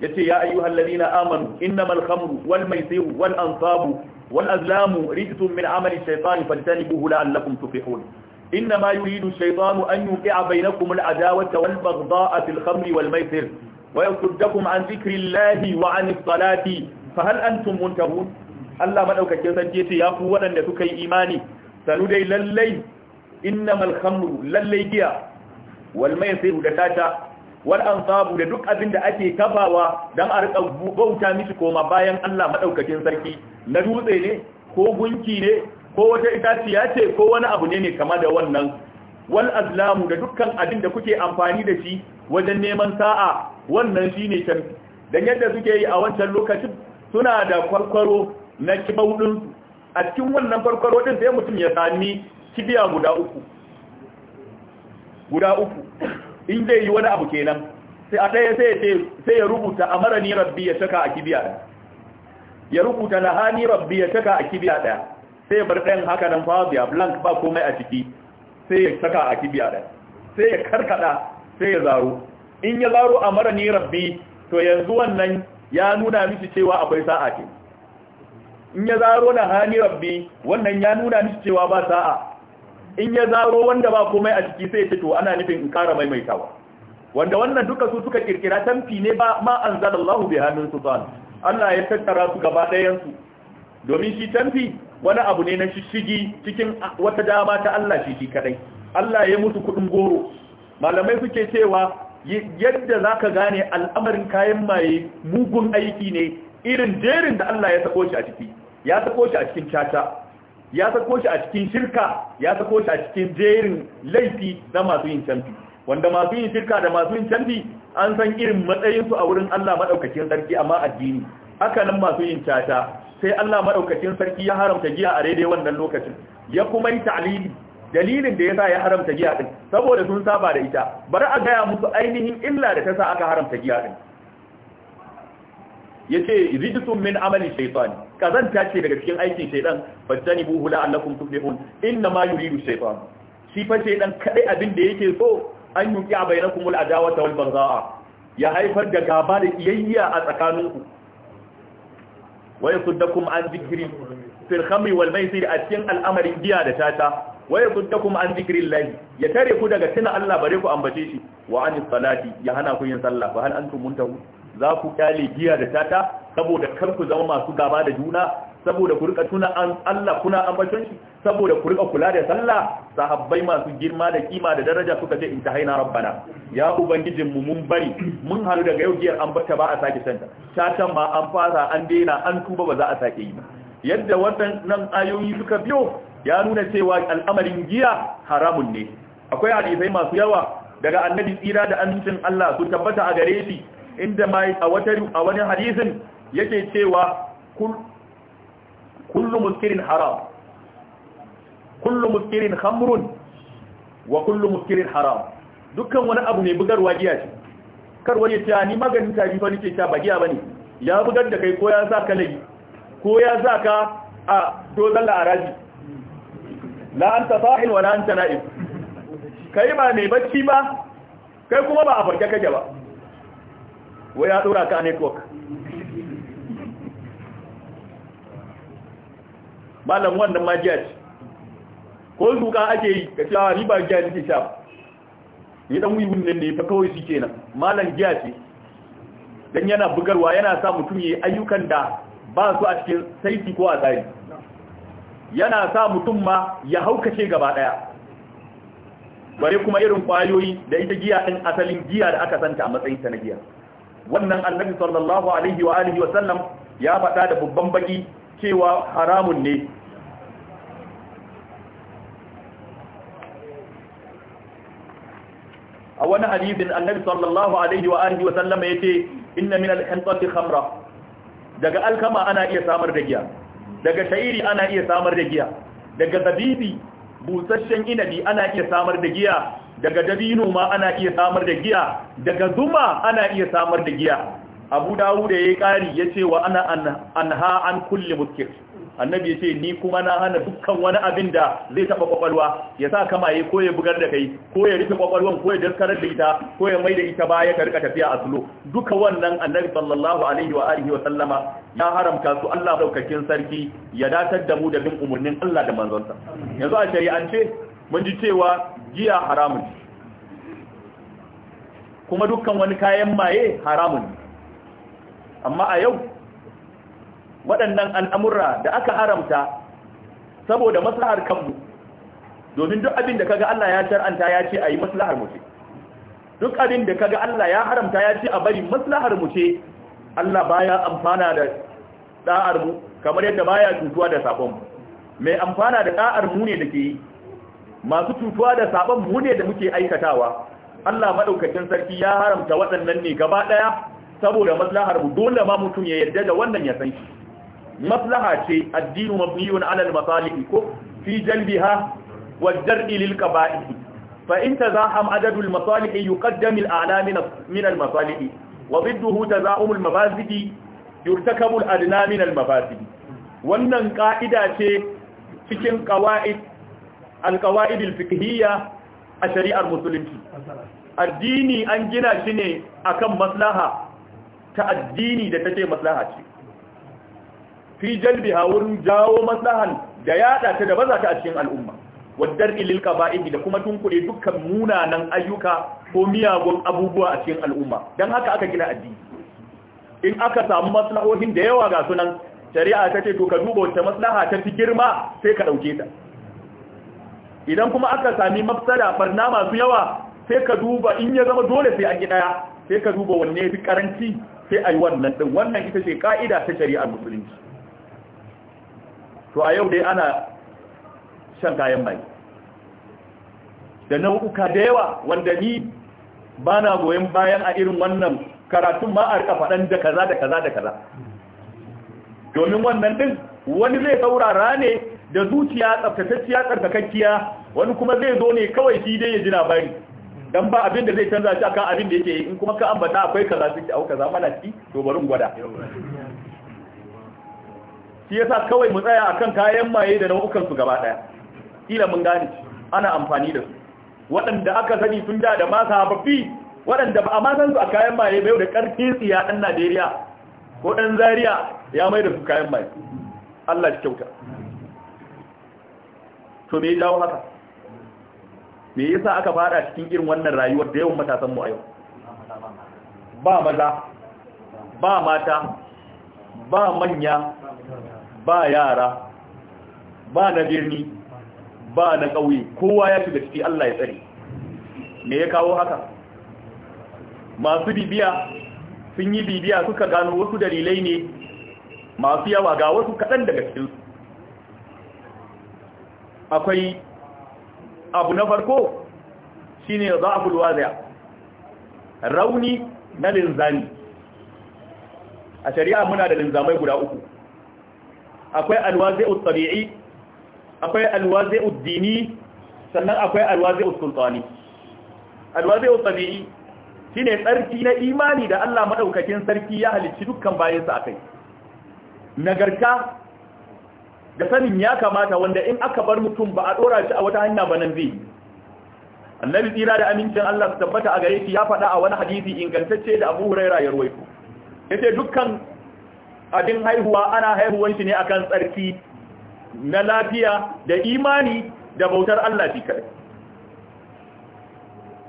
yace ya ayyuhal ladina amanu innamal khamru wal maisiru wal ansabu wal azlamu rijsun min amali shaytani fajtanibuhu la'allakum tuflihun إنما يريد الشيطان أن يوقع بينكم العداوة والبغضاء في الخمر والميسر ويصدكم عن ذكر الله وعن الصلاة فهل أنتم منتهون Allah madaukakin sarki ce ya ku waɗanda suka yi imani sanu dai lallai innamal khamru lallai giya wal maisir da tata wal da duk abin da ake kafawa dan a rika bauta miki koma bayan Allah maɗaukacin sarki na dutse ne ko gunki ne ko wata itaciya ce ko wani abu ne ne kama da wannan wal azlamu da dukkan abin da kuke amfani da shi wajen neman sa'a wannan shine can dan yadda suke yi a wancan lokacin suna da kwarkwaro na kibaudin a cikin wannan kwarkwaro din sai mutum ya sami kibiya guda uku guda uku in zai yi wani abu kenan sai a ɗaya sai ya rubuta amarani rabbi ya saka a kibiya ya rubuta nahani rabbi ya saka a kibiya ɗaya sai bar ɗayan haka nan fadiya blank ba komai a ciki sai ya saka a kibiya ɗaya sai ya karkada sai ya zaro in ya zaro a mara ni rabbi to yanzu wannan ya nuna mishi cewa akwai sa'a ce in ya zaro na hani rabbi wannan ya nuna mishi cewa ba sa'a in ya zaro wanda ba komai a ciki sai ya ce to ana nufin in kara maimaitawa wanda wannan duka su suka kirkira tamfi ne ba ma anzalallahu bi hannun sultan Allah ya tattara su gaba ɗayan su domin shi tamfi wani abu ne na shishigi cikin wata dama ta Allah shi shi kadai Allah ya mutu kudin goro malamai suke cewa yadda za ka gane al'amarin kayan maye mugun aiki ne irin jerin da Allah ya sako shi a ciki ya sako shi a cikin caca ya sako shi a cikin shirka ya sako shi a cikin jerin laifi na masu yin canfi wanda masu yin shirka da masu yin canfi an san irin matsayinsu a wurin Allah madaukakin sarki amma addini haka nan masu yin caca sai Allah maɗaukacin sarki ya haramta giya a daidai wannan lokacin ya kuma yi ta'lili dalilin da ya sa ya haramta giya ɗin saboda sun saba da ita bar a gaya musu ainihin illa da ta sa aka haramta giya din yace rijsun min amali shaytan kazanta ce daga cikin aikin shaytan fajtanibuhu la'allakum tuflihun inna ma yuridu shaytan shi fa shaytan kadai abin da yake so an yuqi bainakumul adawata wal baghaa ya haifar da gaba da iyayya a tsakaninku waya kuddakum an zikri fil khamri wal maisir a cikin al'amarin giya da tata waya kuddakum an zikri lahi ya tare ku daga tuna Allah bare ku ambace shi wa anis salati ya hana ku yin sallah fa hal antum muntahu za ku kyale giya da tata saboda kar ku zama masu gaba da juna saboda ku rika tuna an Allah kuna ambaton shi saboda ku rika kula da sallah sahabbai masu girma da kima da daraja suka ce in tahaina rabbana ya ubangijin mu mun bari mun halu daga yau giyar ambata ba a sake santa shatan ma an fara an daina an tuba ba za a sake yi ba yadda waɗannan ayoyi suka biyo ya nuna cewa al'amarin giya haramun ne akwai hadisai masu yawa daga annabi tsira da amincin Allah su tabbata a gare shi inda mai a wata a wani hadisin yake cewa kullu muskirin haram kullu muskirin khamrun wa kullu muskirin haram dukkan wani abu mai bugarwa giya ce kar wani ta ni maganin tafi fa nake ta ba giya bane ya bugar da kai ko ya sa ka layi ko ya sa ka a dozan la'araji la anta sahil wa kai ba mai bacci ba kai kuma ba a farke kake ba Wa ya dora ka network malam wannan ma jiya ce ko duka ake yi ka cewa ah, riba jihar jiya sha ya dan wuyi wunin ne fa kawai shi kenan malam jiya ce dan yana bugarwa yana sa mutum yi ayyukan da ba su a cikin saiti ko a tsari yana sa mutum ma ya haukace gaba daya bare kuma irin kwayoyi da ita giya din asalin giya da aka santa a matsayin ta na giya wannan annabi sallallahu alaihi wa alihi wa sallam ya faɗa da babban baki cewa haramun ne a wani hadisin annabi sallallahu alaihi wa alihi wa sallama yace inna min al-hintati khamra daga alkama ana iya samar da giya daga shayiri ana iya samar da giya daga zabibi busasshen inabi ana iya samar da giya daga dabino ma ana iya samar da giya daga zuma ana iya samar da giya abu dawuda ya yi ƙari ya ce wa ana an ha an kulle muskir annabi ya ce ni kuma na hana dukkan wani abin da zai taɓa ƙwaƙwalwa ya sa kamaye ko ya bugar da kai ko ya rufe ƙwaƙwalwan ko ya daskarar da ita ko ya mai da ita baya ka rika tafiya a sulo duka wannan annabi sallallahu alaihi wa alihi wa sallama ya haramta su Allah daukakin sarki ya datar da mu da bin umarnin Allah da manzonsa yanzu a shari'ance mun ji cewa giya haramun kuma dukkan wani kayan maye haramun amma a yau waɗannan al'amurra da aka haramta saboda maslahar kanmu domin duk abin da kaga Allah ya shar'anta ya ce a yi maslahar mu ce duk abin da kaga Allah ya haramta ya ce a bari maslahar mu ce Allah baya amfana da da'ar mu kamar yadda baya tutuwa da sabon mai amfana da da'ar mu ne dake yi masu tutuwa da sabon mu ne da muke aikatawa Allah maɗaukacin sarki ya haramta waɗannan ne gaba ɗaya saboda maslahar mu dole ma mutum ya yarda da wannan ya san shi maslaha ce addinu mabniyun ala al-masalih ko fi jalbiha wa jar'i lil qaba'ih fa in tazaham adadu al-masalih yuqaddam al-a'la min al-masalih wa bidduhu tazahum al-mafasidi yurtakabu al-adna min al wannan ka'ida ce cikin qawaid al-qawaid al-fiqhiyya a shari'ar musulunci addini an gina shi ne akan maslaha ta addini da take maslaha ce fi jalbiha wurin jawo maslahan da yada ta da baza ta a cikin al'umma waddar ilil qaba'id da kuma tunkure dukkan munanan ayyuka ko miyagun abubuwa a cikin al'umma dan haka aka gina addini in aka samu maslahohin da yawa ga sunan shari'a ta ce to ka duba wata maslaha ta fi girma sai ka dauke ta idan kuma aka sami mafsada barna masu yawa sai ka duba in ya zama dole sai a gida daya sai ka duba wanne ya fi karanci sai a yi wannan ɗin wannan ita ce ƙa'ida ta shari'ar musulunci to a yau dai ana shan kayan mai da nau'uka da yawa wanda ni ba na goyon bayan a irin wannan karatun ma a rika faɗan da kaza da kaza da kaza domin wannan ɗin wani zai saurara ne da zuciya tsaftatacciya tsarkakakkiya wani kuma zai zo ne kawai shi dai ya ji labari dan ba abin da zai canza shi akan abin da yake in kuma ka ambata akwai kaza su ci auka zamana ci to gwada shi yasa kawai mu tsaya akan kayan maye da nau'ukan su gaba daya kila mun gane ana amfani da su waɗanda aka sani sun da da masa hafafi waɗanda ba a ma su a kayan maye bai da ƙarfin tsiya ɗan Najeriya ko ɗan Zaria ya mai da su kayan maye Allah ya kyauta to me ya dawo haka me yasa aka fada cikin irin wannan rayuwar da yawan matasan mu a yau ba maza ba mata ba manya ba yara ba na birni ba na ƙauye kowa ya shiga ciki Allah ya tsare me ya kawo haka masu bibiya sun yi bibiya suka gano wasu dalilai ne masu yawa ga wasu kaɗan daga cikinsu akwai abu na farko a za'ful wazi'a rauni na linzami a shari'a muna da linzamai guda uku akwai alwazi'u tabi'i akwai alwazi'u dini sannan akwai alwazi'u sultani alwazi'u shi shine tsarki na imani da Allah maɗaukacin sarki ya halicci dukkan bayansa akai nagarta da sanin ya kamata wanda in aka bar mutum ba a dora shi a wata hanya ba nan zai annabi tsira da amincin Allah su tabbata a gare shi ya faɗa a wani hadisi ingantacce da Abu Huraira ya ruwaito yace dukkan abin haihuwa ana haihuwan shi ne akan tsarki na lafiya da imani da bautar Allah shi kai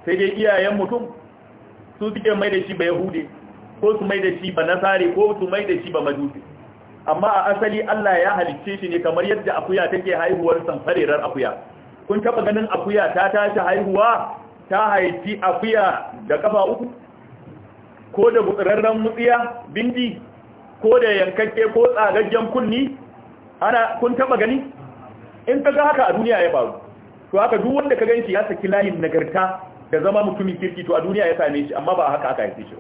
sai dai iyayen mutum su suke mai da shi ba yahude ko su mai da shi ba nasari ko su mai da shi ba majusi amma a asali Allah ya halicce shi ne kamar yadda akuya take haihuwar samfarerar akuya kun taba ganin akuya ta tashi haihuwa ta haifi akuya da kafa uku ko da butsararren mutsiya bindi ko da yankakke ko tsagaggen kunni ana kun taba gani in ka ga haka a duniya ya faru to haka duk wanda ka ganshi ya saki layin nagarta da zama mutumin kirki to a duniya ya same shi amma ba haka aka haife shi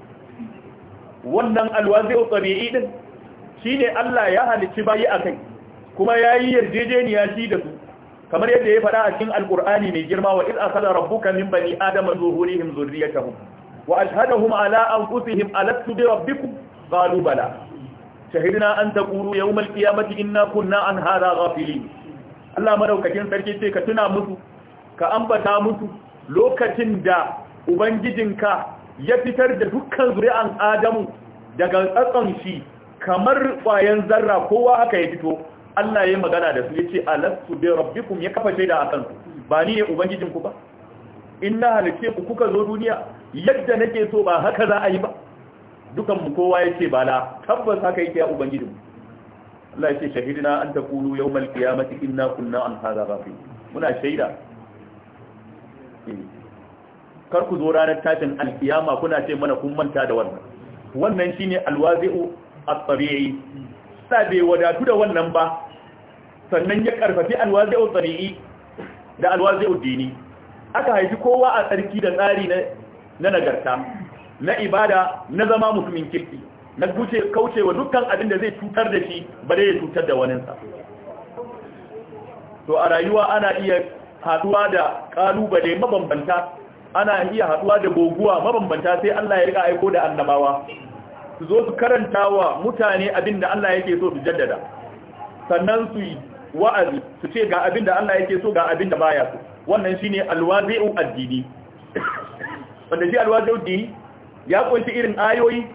wannan alwazi tabi'i din shine Allah ya halicci bayi akai kuma yayi yarjejeniya shi da su kamar yadda ya faɗa a cikin alqur'ani mai girma wa iz akhadha rabbuka min bani adama zuhurihim zurriyatahum wa ashhadahum ala anfusihim alastu bi rabbikum qalu bala shahidna an taqulu yawm alqiyamati inna kunna an hadha ghafilin Allah madaukakin sarki ce ka tuna musu ka ambata musu lokacin da ubangijinka ya fitar da dukkan zuri'an adamu daga tsatson shi kamar kwayan zarra kowa haka ya fito Allah ya magana da su ya ce alastu bi rabbikum ya kafa shaida a kansu ba ni ne ubangijinku ba in na ku kuka zo duniya yadda nake so ba haka za a yi ba dukan mu kowa ya ce bala tabbas haka yake ya ubangijin Allah ya ce shahidina an taqulu yawmal qiyamati inna kunna an hadha ghafil muna shaida kar ku zo ranar tashin alkiyama kuna ce mana kun manta da wannan wannan shine alwazi'u at-tabi'i sa bai wadatu da wannan ba sannan ya karfafi alwazi'u tabi'i da alwazi'u dini aka haifi kowa a tsarki da tsari na nagarta na ibada na zama musulmin kirki na guce kaucewa dukkan abin da zai cutar da shi ba dai ya cutar da waninsa to a rayuwa ana iya haduwa da kalubale mabambanta ana iya haduwa da guguwa mabambanta sai Allah ya rika aiko da annabawa su zo su karanta wa mutane abin da Allah yake so su jaddada sannan su yi wa'azi su ce ga abin da Allah yake so ga abin da baya su. wannan shine alwazi'u addini wanda shi alwazi'u addini ya kunshi irin ayoyi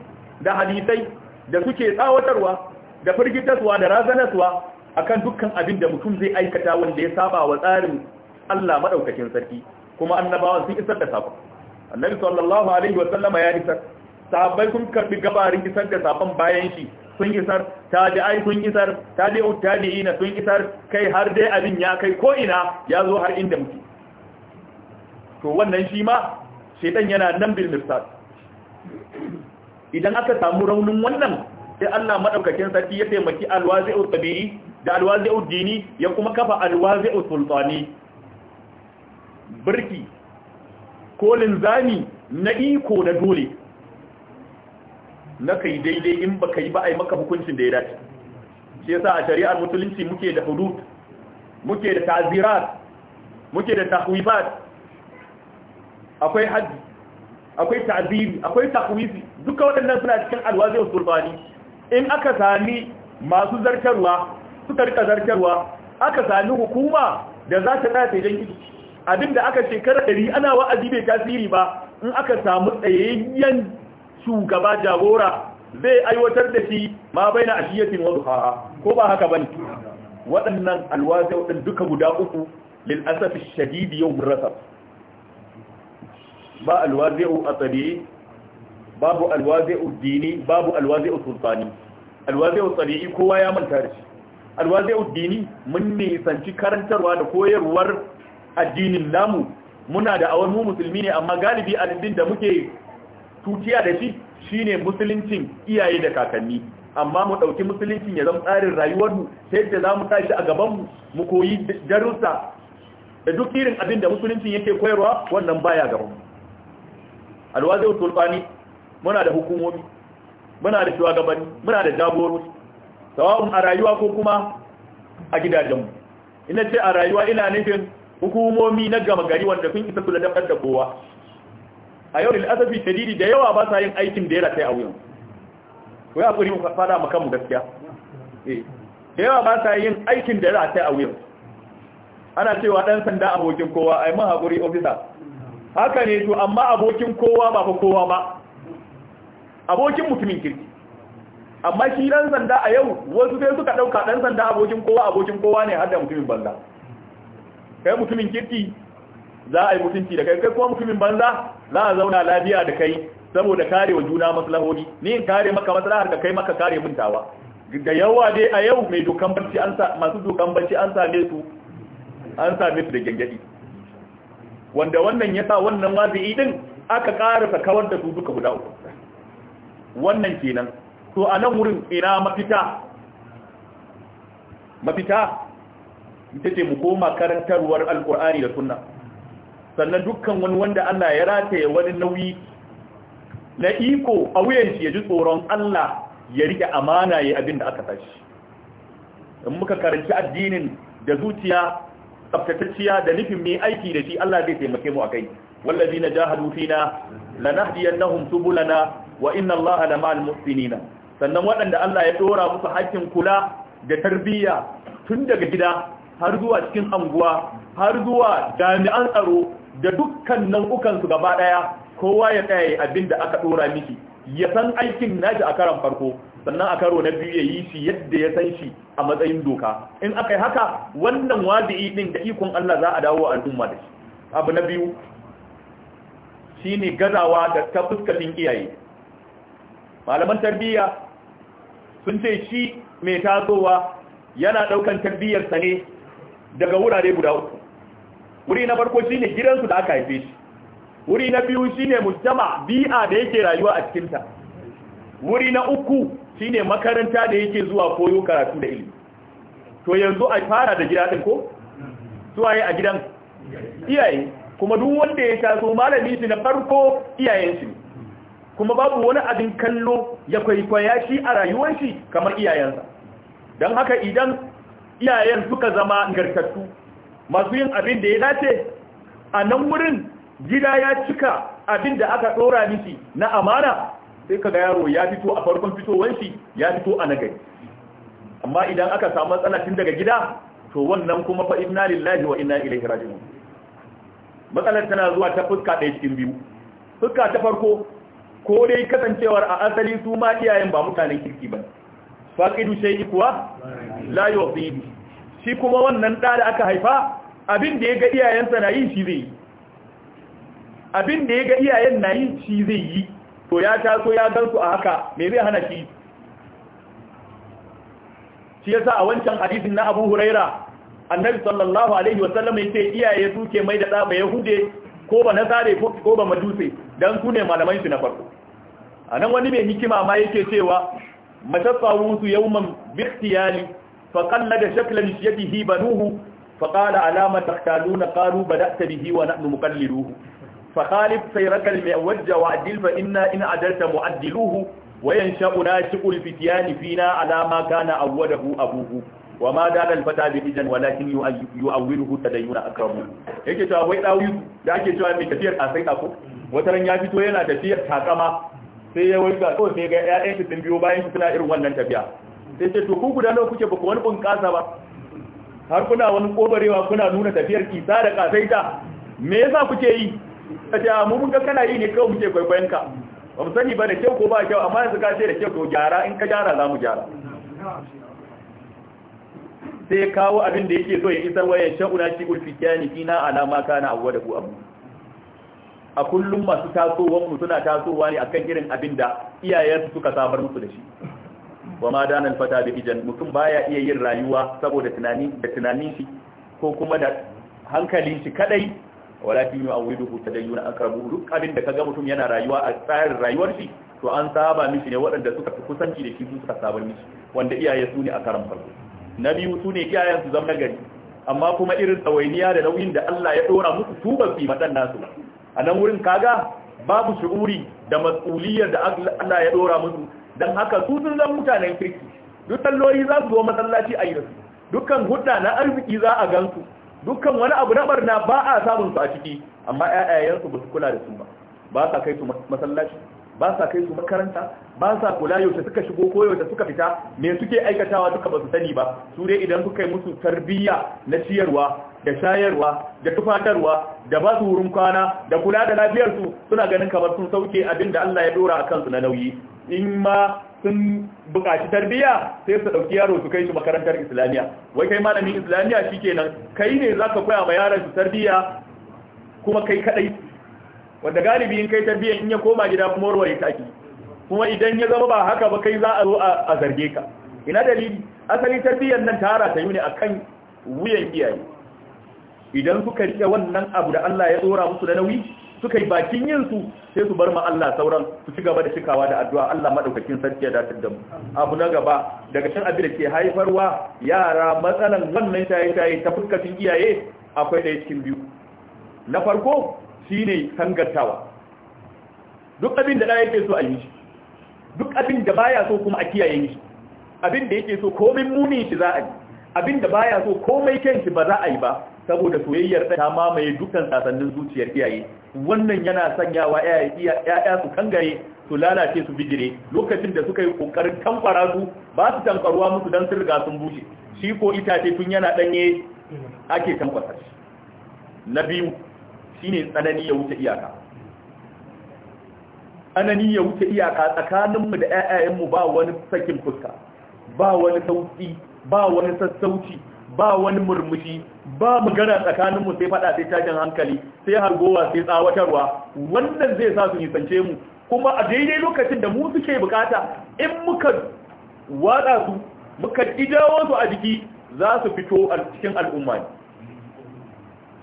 da hadisai da suke tsawatarwa da firgitarwa da a akan dukkan abin da mutum zai aikata wanda ya saba wa tsarin Allah madaukakin sarki kuma annabawan sun isar da sako annabi sallallahu alaihi wa sallama ya isar sahabbai sun karbi gabarin kisar da sabon bayan shi sun kisar, isar ai sun isar tabi'u tabi'ina sun kisar. kai har dai abin ya kai ko ina ya zo har inda muke to wannan shi ma shaitan yana nan bil mirsad idan aka samu raunin wannan sai Allah madaukakin sarki ya taimaki alwazi'u tabi'i da alwazi'u dini ya kuma kafa alwazi'u sultani birki ko linzami na iko da dole na ka yi daidai in ba ka yi ba a yi maka hukuncin da ya dace shi yasa a shari'ar musulunci muke da hudud muke da ta'zirat muke da tahwibat akwai haji akwai ta'ziri akwai tahwifi duka waɗannan suna cikin alwazi wasu turbani in aka sami masu zartarwa suka rika zartarwa aka sami hukuma da za ta tsaya idan gidi abinda aka shekara ɗari ana wa'azi bai tasiri ba in aka samu tsayayyen shugaba jagora zai aiwatar da shi ma bai na ashiyatin wa duha ko ba haka ba ne? waɗannan alwazi waɗannan duka guda uku lil asaf yau yawm rasab ba alwazi tsare babu alwazi dini babu alwazi sultani alwazi tabi'i kowa ya manta da shi alwazi dini mun ne sanci karantarwa da koyarwar addinin namu muna da awar mu musulmi ne amma galibi addinin da muke tutiya da shi shine musuluncin iyaye da kakanni amma mu ɗauki musuluncin ya zama tsarin mu ta yadda za mu tashi a gaban mu koyi darussa da duk irin abin da musuluncin yake koyarwa wannan baya mu alwazi tulfani muna da hukumomi muna da shugabanni muna da jagorori sawa'un a rayuwa ko kuma a gidajenmu ina ce a rayuwa ina nufin hukumomi na gama gari wanda sun isa su da kowa a yau lil'asafi shadidi da yawa ba sa yin aikin da ya rataye a wuyan ku ya kuri muka fada maka mu gaskiya eh, da yawa ba sa yin aikin da ya rataye a wuyan ana cewa dan sanda abokin kowa ai mun hakuri officer haka ne to amma abokin kowa ba fa kowa ba abokin mutumin kirki amma shi dan sanda a yau wasu sai suka dauka dan sanda abokin kowa abokin kowa ne har da mutumin banza kai mutumin kirki za a yi mutunci da kai kai kuma mutumin banza za a zauna lafiya da kai saboda kare wa juna maslahohi ni in kare maka maslahar da kai maka kare mintawa da yawa dai a yau mai dokan barci an sa masu dokan barci an ne su an ne su da gengedi wanda wannan ya sa wannan wazi'i din aka karasa kawar da su duka guda uku wannan kenan to a nan wurin ina mafita mafita ita ce mu koma karantarwar alkur'ani da sunna sannan dukkan wani wanda Allah ya rataye wani nauyi na iko a wuyan shi ya ji tsoron Allah ya rike amana ya abin da aka tashi in muka karanci addinin da zuciya tsaftatacciya da nufin mai aiki da shi Allah zai taimake mu akai wallazi na jahadu fina lanahdiyannahum subulana wa inna Allaha lamal muhsinina sannan waɗanda Allah ya dora musu hakkin kula da tarbiyya tun daga gida har zuwa cikin anguwa har zuwa jami'an tsaro da dukkan nau'ukansu gaba ɗaya kowa ya tsaye abin da aka ɗora miki ya san aikin naji a karan farko sannan a karo na biyu ya yi shi yadda ya san shi a matsayin doka in aka yi haka wannan wazi'i ɗin da ikon Allah za a dawo al'umma da shi abu na biyu shi ne gazawa da ta fuskacin iyaye malaman tarbiyya sun ce shi mai tasowa yana ɗaukan tarbiyyarsa ne daga wurare guda uku wuri na farko shine gidansu da aka haife shi wuri na biyu shine mujama bi'a da yake rayuwa a cikinta. wuri na uku shine makaranta da yake zuwa koyo karatu da ilimi to yanzu a fara da gida ɗin ko yi a gidan iyaye kuma duk wanda ya taso malami shi na farko iyayen shi kuma babu wani abin kallo ya kwaikwaya shi a rayuwar kamar iyayensa don haka idan iyayen suka zama gartattu masu yin abin da ya dace a nan wurin gida ya cika abin da aka ɗora miki na amana sai ga yaro ya fito a farkon fitowar shi ya fito a nagari amma idan aka samu matsala tun daga gida to wannan kuma fa inna lillahi wa inna ilaihi raji'un matsalar tana zuwa ta fuska ɗaya cikin biyu fuska ta farko ko dai kasancewar a asali su ma iyayen ba mutanen kirki ba faqidu shay'i kuwa la yufidu shi kuma wannan da aka haifa abin da ya ga iyayensa na yi shi zai yi abin da ya ga iyayen na yi shi zai yi to ya taso ya gansu a haka mai zai hana shi shi yasa a wancan hadisin na Abu Huraira annabi sallallahu alaihi wasallam ce iyaye su ke mai da tsaba yahude hude ko ba nazare ko ba majuse dan su ne malamai su na farko anan wani mai hikima ma yake cewa matasawusu yawman bihtiyali fa qallada shaklan yadihi banuhu فقال على ما تختالون قالوا بدأت به ونحن مقللوه فخالف سيرك المعوج وعدل فإنا إن عدلت معدلوه وينشأ ناشئ الفتيان فينا على ما كان أوله أبوه وما دال الفتى بحجا ولكن يؤوله تدين أكرمه yake cewa wai dawiyu da ake cewa mai tafiyar kasai ko wataran ya fito yana tafiyar takama sai ya wurga to sai ya ƴaƴan shi sun biyo bayan shi suna irin wannan tafiya sai ce to ku guda nawa kuke ba ku wani bunƙasa ba har kuna wani kobarewa kuna nuna tafiyar kisa da kasaita me yasa kuke yi ce mu mun ga kana yi ne kawai muke kwaikwayon ba mu sani ba da kyau ko ba kyau amma yanzu ka ce da kyau to gyara in ka gyara za mu gyara sai ya kawo abin da yake so ya isar wayan una ci ulfi kyani kina alama kana abuwa da ku abu a kullum masu tasowa mu suna tasowa ne akan irin abin da iyayensu suka samar musu da shi wa ma dana alfata bi ijan mutum baya iya yin rayuwa saboda tunani da tunanin shi ko kuma da hankalin shi kadai walakin awiduhu tadayyun akrabu duk abin da kaga mutum yana rayuwa a tsarin rayuwar shi to an saba mishi ne waɗanda suka fi kusanci da shi su suka saba mishi wanda iyaye su ne a karan farko na biyu su ne iyayen su zama gari amma kuma irin tsawainiya da nauyin da Allah ya dora musu su ba fi madan nasu a nan wurin kaga babu shu'uri da mas'uliyar da Allah ya dora musu don haka su sun zan mutanen kirki duk talloyi za su zo masallaci a yi dukkan hudda na arziki za a gansu dukkan wani abu na barna ba a samun su a ciki amma ƴaƴayensu ba su kula da su ba ba sa kai su masallaci ba sa kai su makaranta ba sa kula yaushe suka shigo ko yaushe suka fita me suke aikatawa duka ba su sani ba su dai idan suka yi musu tarbiyya na ciyarwa da shayarwa da tufatarwa da ba su wurin kwana da kula da lafiyarsu suna ganin kamar sun sauke abin da Allah ya dora a kansu na nauyi in ma sun buƙaci tarbiyya sai su ɗauki yaro su kai shi makarantar islamiyya wai kai malamin islamiyya shikenan kai ne zaka koya ma yaron su tarbiyya kuma kai kadai wanda galibi in kai tarbiyya in ya koma gida kuma warware taki kuma idan ya zama ba haka ba kai za a zo a zarge ka ina dalili asali tarbiyyar nan tara ta yi ne akan wuyan iyaye idan suka rike wannan abu da Allah ya tsora musu da nauyi suka yi bakin yin su sai su bar ma Allah sauran su ci gaba da cikawa da addu'a Allah madaukakin sarki ya dace da mu abu na gaba daga can abin da ke haifarwa yara matsalan wannan shaye-shaye ta fuskacin iyaye akwai da cikin biyu na farko shine sangartawa duk abin da ɗaya yake so a yi shi duk abin da baya so kuma a kiyaye shi abin da yake so komai muni shi za a yi abin da baya so komai kyan shi ba za a yi ba saboda soyayyar ta mamaye dukkan sasannin zuciyar iyaye wannan yana sanyawa ya'ya su kangare su lalace su bijire lokacin da suka yi kokarin tamfara su ba su tamfaruwa musu don sun riga sun bushe shi ko itace tun yana danye ake tamfasa shi na biyu shine tsanani ya wuce iyaka tsanani ya wuce iyaka tsakaninmu da ƴaƴayenmu ba wani sakin fuska ba wani sauki ba wani sassauci ba wani murmushi ba magana tsakaninmu sai faɗa sai tashin hankali sai hargowa sai tsawatarwa wannan zai sa su nisance mu kuma a daidai lokacin da mu suke bukata in muka watsa su muka idawo su a jiki za su fito a cikin al'umma ne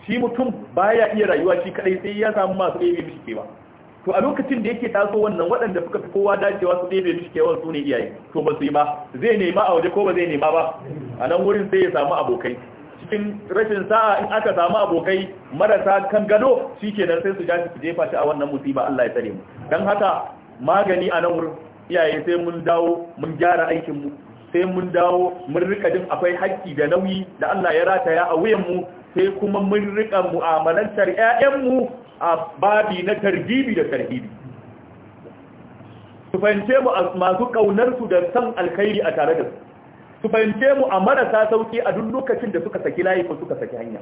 shi mutum baya iya rayuwa shi kadai sai ya samu masu ɗaya mishi ba to a lokacin da yake taso wannan waɗanda suka fi kowa dacewa su ɗebe mishi kewan su ne iyaye to ba su yi ba zai nema a waje ko ba zai nema ba a nan wurin sai ya samu abokai cikin rashin sa'a in aka samu abokai marasa kan gado shi ke kenan sai su ja su jefa shi a wannan musiba Allah ya tsare mu don haka magani a nan wurin iyaye sai mun dawo mun gyara aikin mu sai mun dawo mun rika jin akwai haƙƙi da nauyi da Allah ya rataya a wuyan mu sai kuma mun rika mu'amalantar 'ya'yanmu a babi na targibi da tarbibi. su fahimce mu masu ƙaunarsu da san alkhairi a tare da su su fahimce mu a marasa sauki a duk lokacin da suka saki layi ko suka saki hanya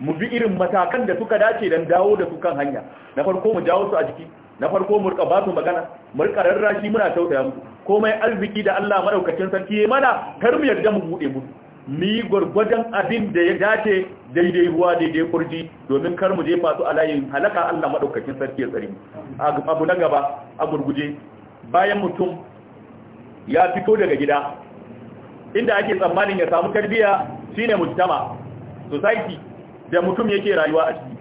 mu bi irin matakan da suka dace don dawo da su kan hanya na farko mu jawo su a jiki na farko mu rika ba magana mu rika rarrashi muna tausaya musu komai arziki da Allah madaukakin sarki ya mana kar mu yarda mu bude musu mu yi gwargwadon abin da ya dace daidai ruwa daidai kurji domin kar mu jefa su a layin halaka Allah madaukakin sarki ya tsare abu na gaba a gurguje bayan mutum ya fito daga gida inda ake tsammanin ya samu tarbiya shine mujtama society da mutum yake rayuwa a ciki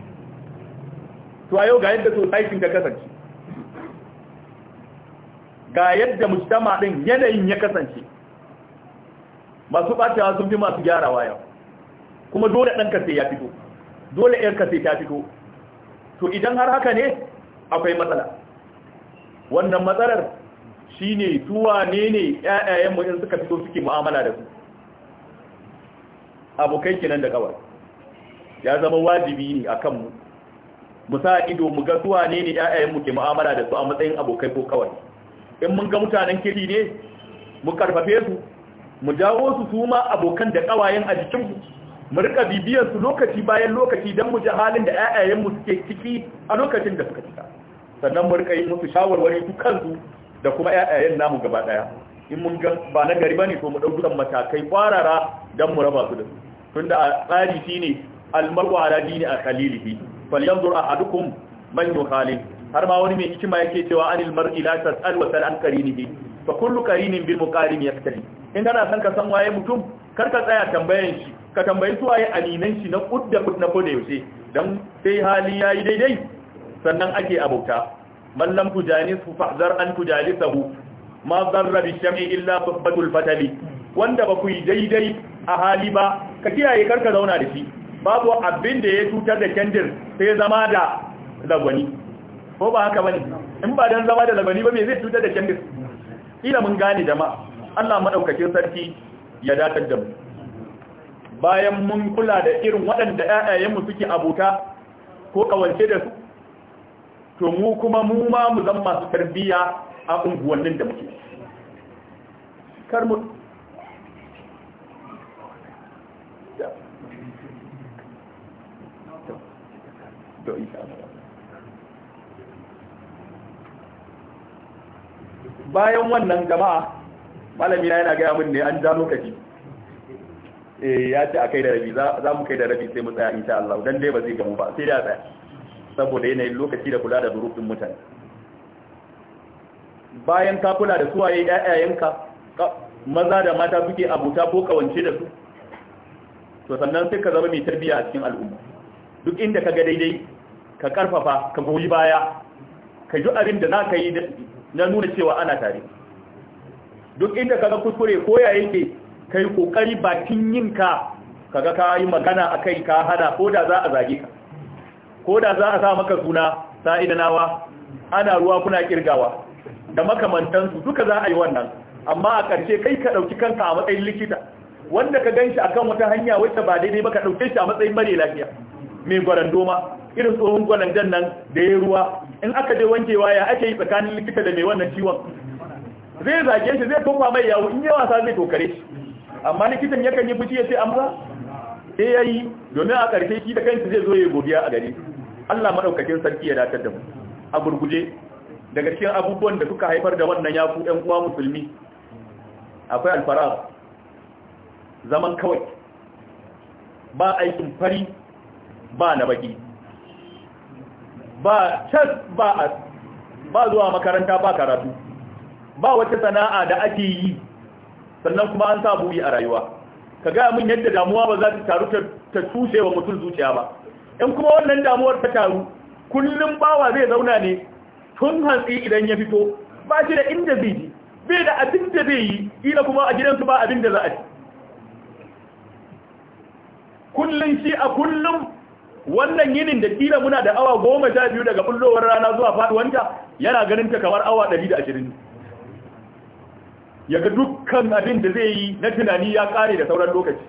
to a yau ga yadda society ta kasance ga yadda mujtama din yanayin ya kasance masu bacewa sun fi masu gyara waya. kuma dole ɗanka sai ya fito dole ɗanka sai ta fito to idan har haka ne akwai matsala wannan matsalar shi ne tuwa ne ne ƴaƴayen in suka fito suke mu'amala da su abokai kenan da kawai ya zama wajibi ne a kanmu mu sa ido mu ga tuwa ne ne mu ke mu'amala da su a matsayin abokai ko kawai in mun ga mutanen kiri ne mu karfafe su mu jawo su su ma abokan da kawayen a jikinku mu rika bibiyar su lokaci bayan lokaci don mu ji halin da ƴaƴayen mu suke ciki a lokacin da suka cika sannan mu rika yi musu shawarwari su kansu da kuma ƴaƴayen namu gaba daya in mun ga ba na gari bane to mu dauki dan matakai kwarara don mu raba su da su tunda a tsari shine almar'u ala dini a khalilihi falyanzur ahadukum man yukhalil har ma wani mai hikima yake cewa anil mar'i la tas'al wa sal an qarinihi fa kullu qarinin bil muqarin yaktali in kana san ka san waye mutum kar ka tsaya tambayan shi ka tambayi su waye aninan shi na kudda na da yaushe dan sai hali yayi daidai sannan ake abauta man lam su fahzar an tujalisahu ma darra bi sham'i illa tuhbatul fatali wanda ba ku yi daidai a hali ba ka kiyaye karka zauna da shi babu abin da ya cutar da kendir sai zama da lagwani ko ba haka bane in ba dan zama da lagwani ba me zai cutar da kendir Ina mun gane jama'a Allah madaukakin sarki ya datar da mu bayan mun kula da irin waɗanda ƴaƴayenmu suke abota ko kawance da su to mu kuma mu ma mu zama masu tarbiya a unguwannin da muke kar mu to ita Allah bayan wannan jama'a malami na yana gaya min ne an ja lokaci eh ya ce a kai da rabi za mu kai da rabi sai mu tsaya insha Allah dan dai ba zai gamu ba sai da tsaya saboda yanayin lokaci da kula da durufin mutane bayan ka kula da suwaye ƴaƴayenka maza da mata suke abuta ko kawance da su to sannan sai ka zama mai tarbiyya a cikin al'umma duk inda ka ga daidai ka karfafa ka goyi baya ka ji abin da za ka yi na nuna cewa ana tare duk inda kaga kuskure ko ya yake kai kokari bakin yin ka kaga ka yi magana akai ka hana ko da za a zage ka ko da za a sa maka suna sa'idanawa ana ruwa kuna kirgawa da makamantansu duka za a yi wannan amma a ƙarshe kai ka ɗauki kanka a matsayin likita wanda ka gan ganshi akan wata hanya wacce ba daidai ba ka ɗauke shi a matsayin mare lafiya mai gwarandoma irin tsohon gwalangan nan da ya ruwa in aka je wankewa ya ake yi tsakanin likita da mai wannan ciwon zai zage shi zai tofa mai yawo in yawa sa zai tokare shi amma likitan yakan yi fushi ya ce amsa sai ya yi domin a ƙarshe shi da kanki zai zo ya godiya a gare Allah maɗaukakin sarki ya datar da mu a gurguje daga cikin abubuwan da suka haifar da wannan yafu 'yan uwa musulmi akwai alfara zaman kawai ba aikin fari ba na baki ba cas ba ba zuwa makaranta ba karatu ba wata sana'a da ake yi sannan kuma an sa buri a rayuwa ka gaya min yadda damuwa ba za ta taru ta tushe wa mutum zuciya ba in kuma wannan damuwar ta taru kullum bawa zai zauna ne tun hantsi idan ya fito ba shi da inda zai ji bai da abin da zai yi ila kuma a gidansu ba abin da za a kullum shi a kullum wannan yinin da kila muna da awa goma sha biyu daga bullowar rana zuwa faduwanta yana ganin ta kamar awa ɗari da ashirin yaga dukkan abin da zai yi na tunani ya kare da sauran lokaci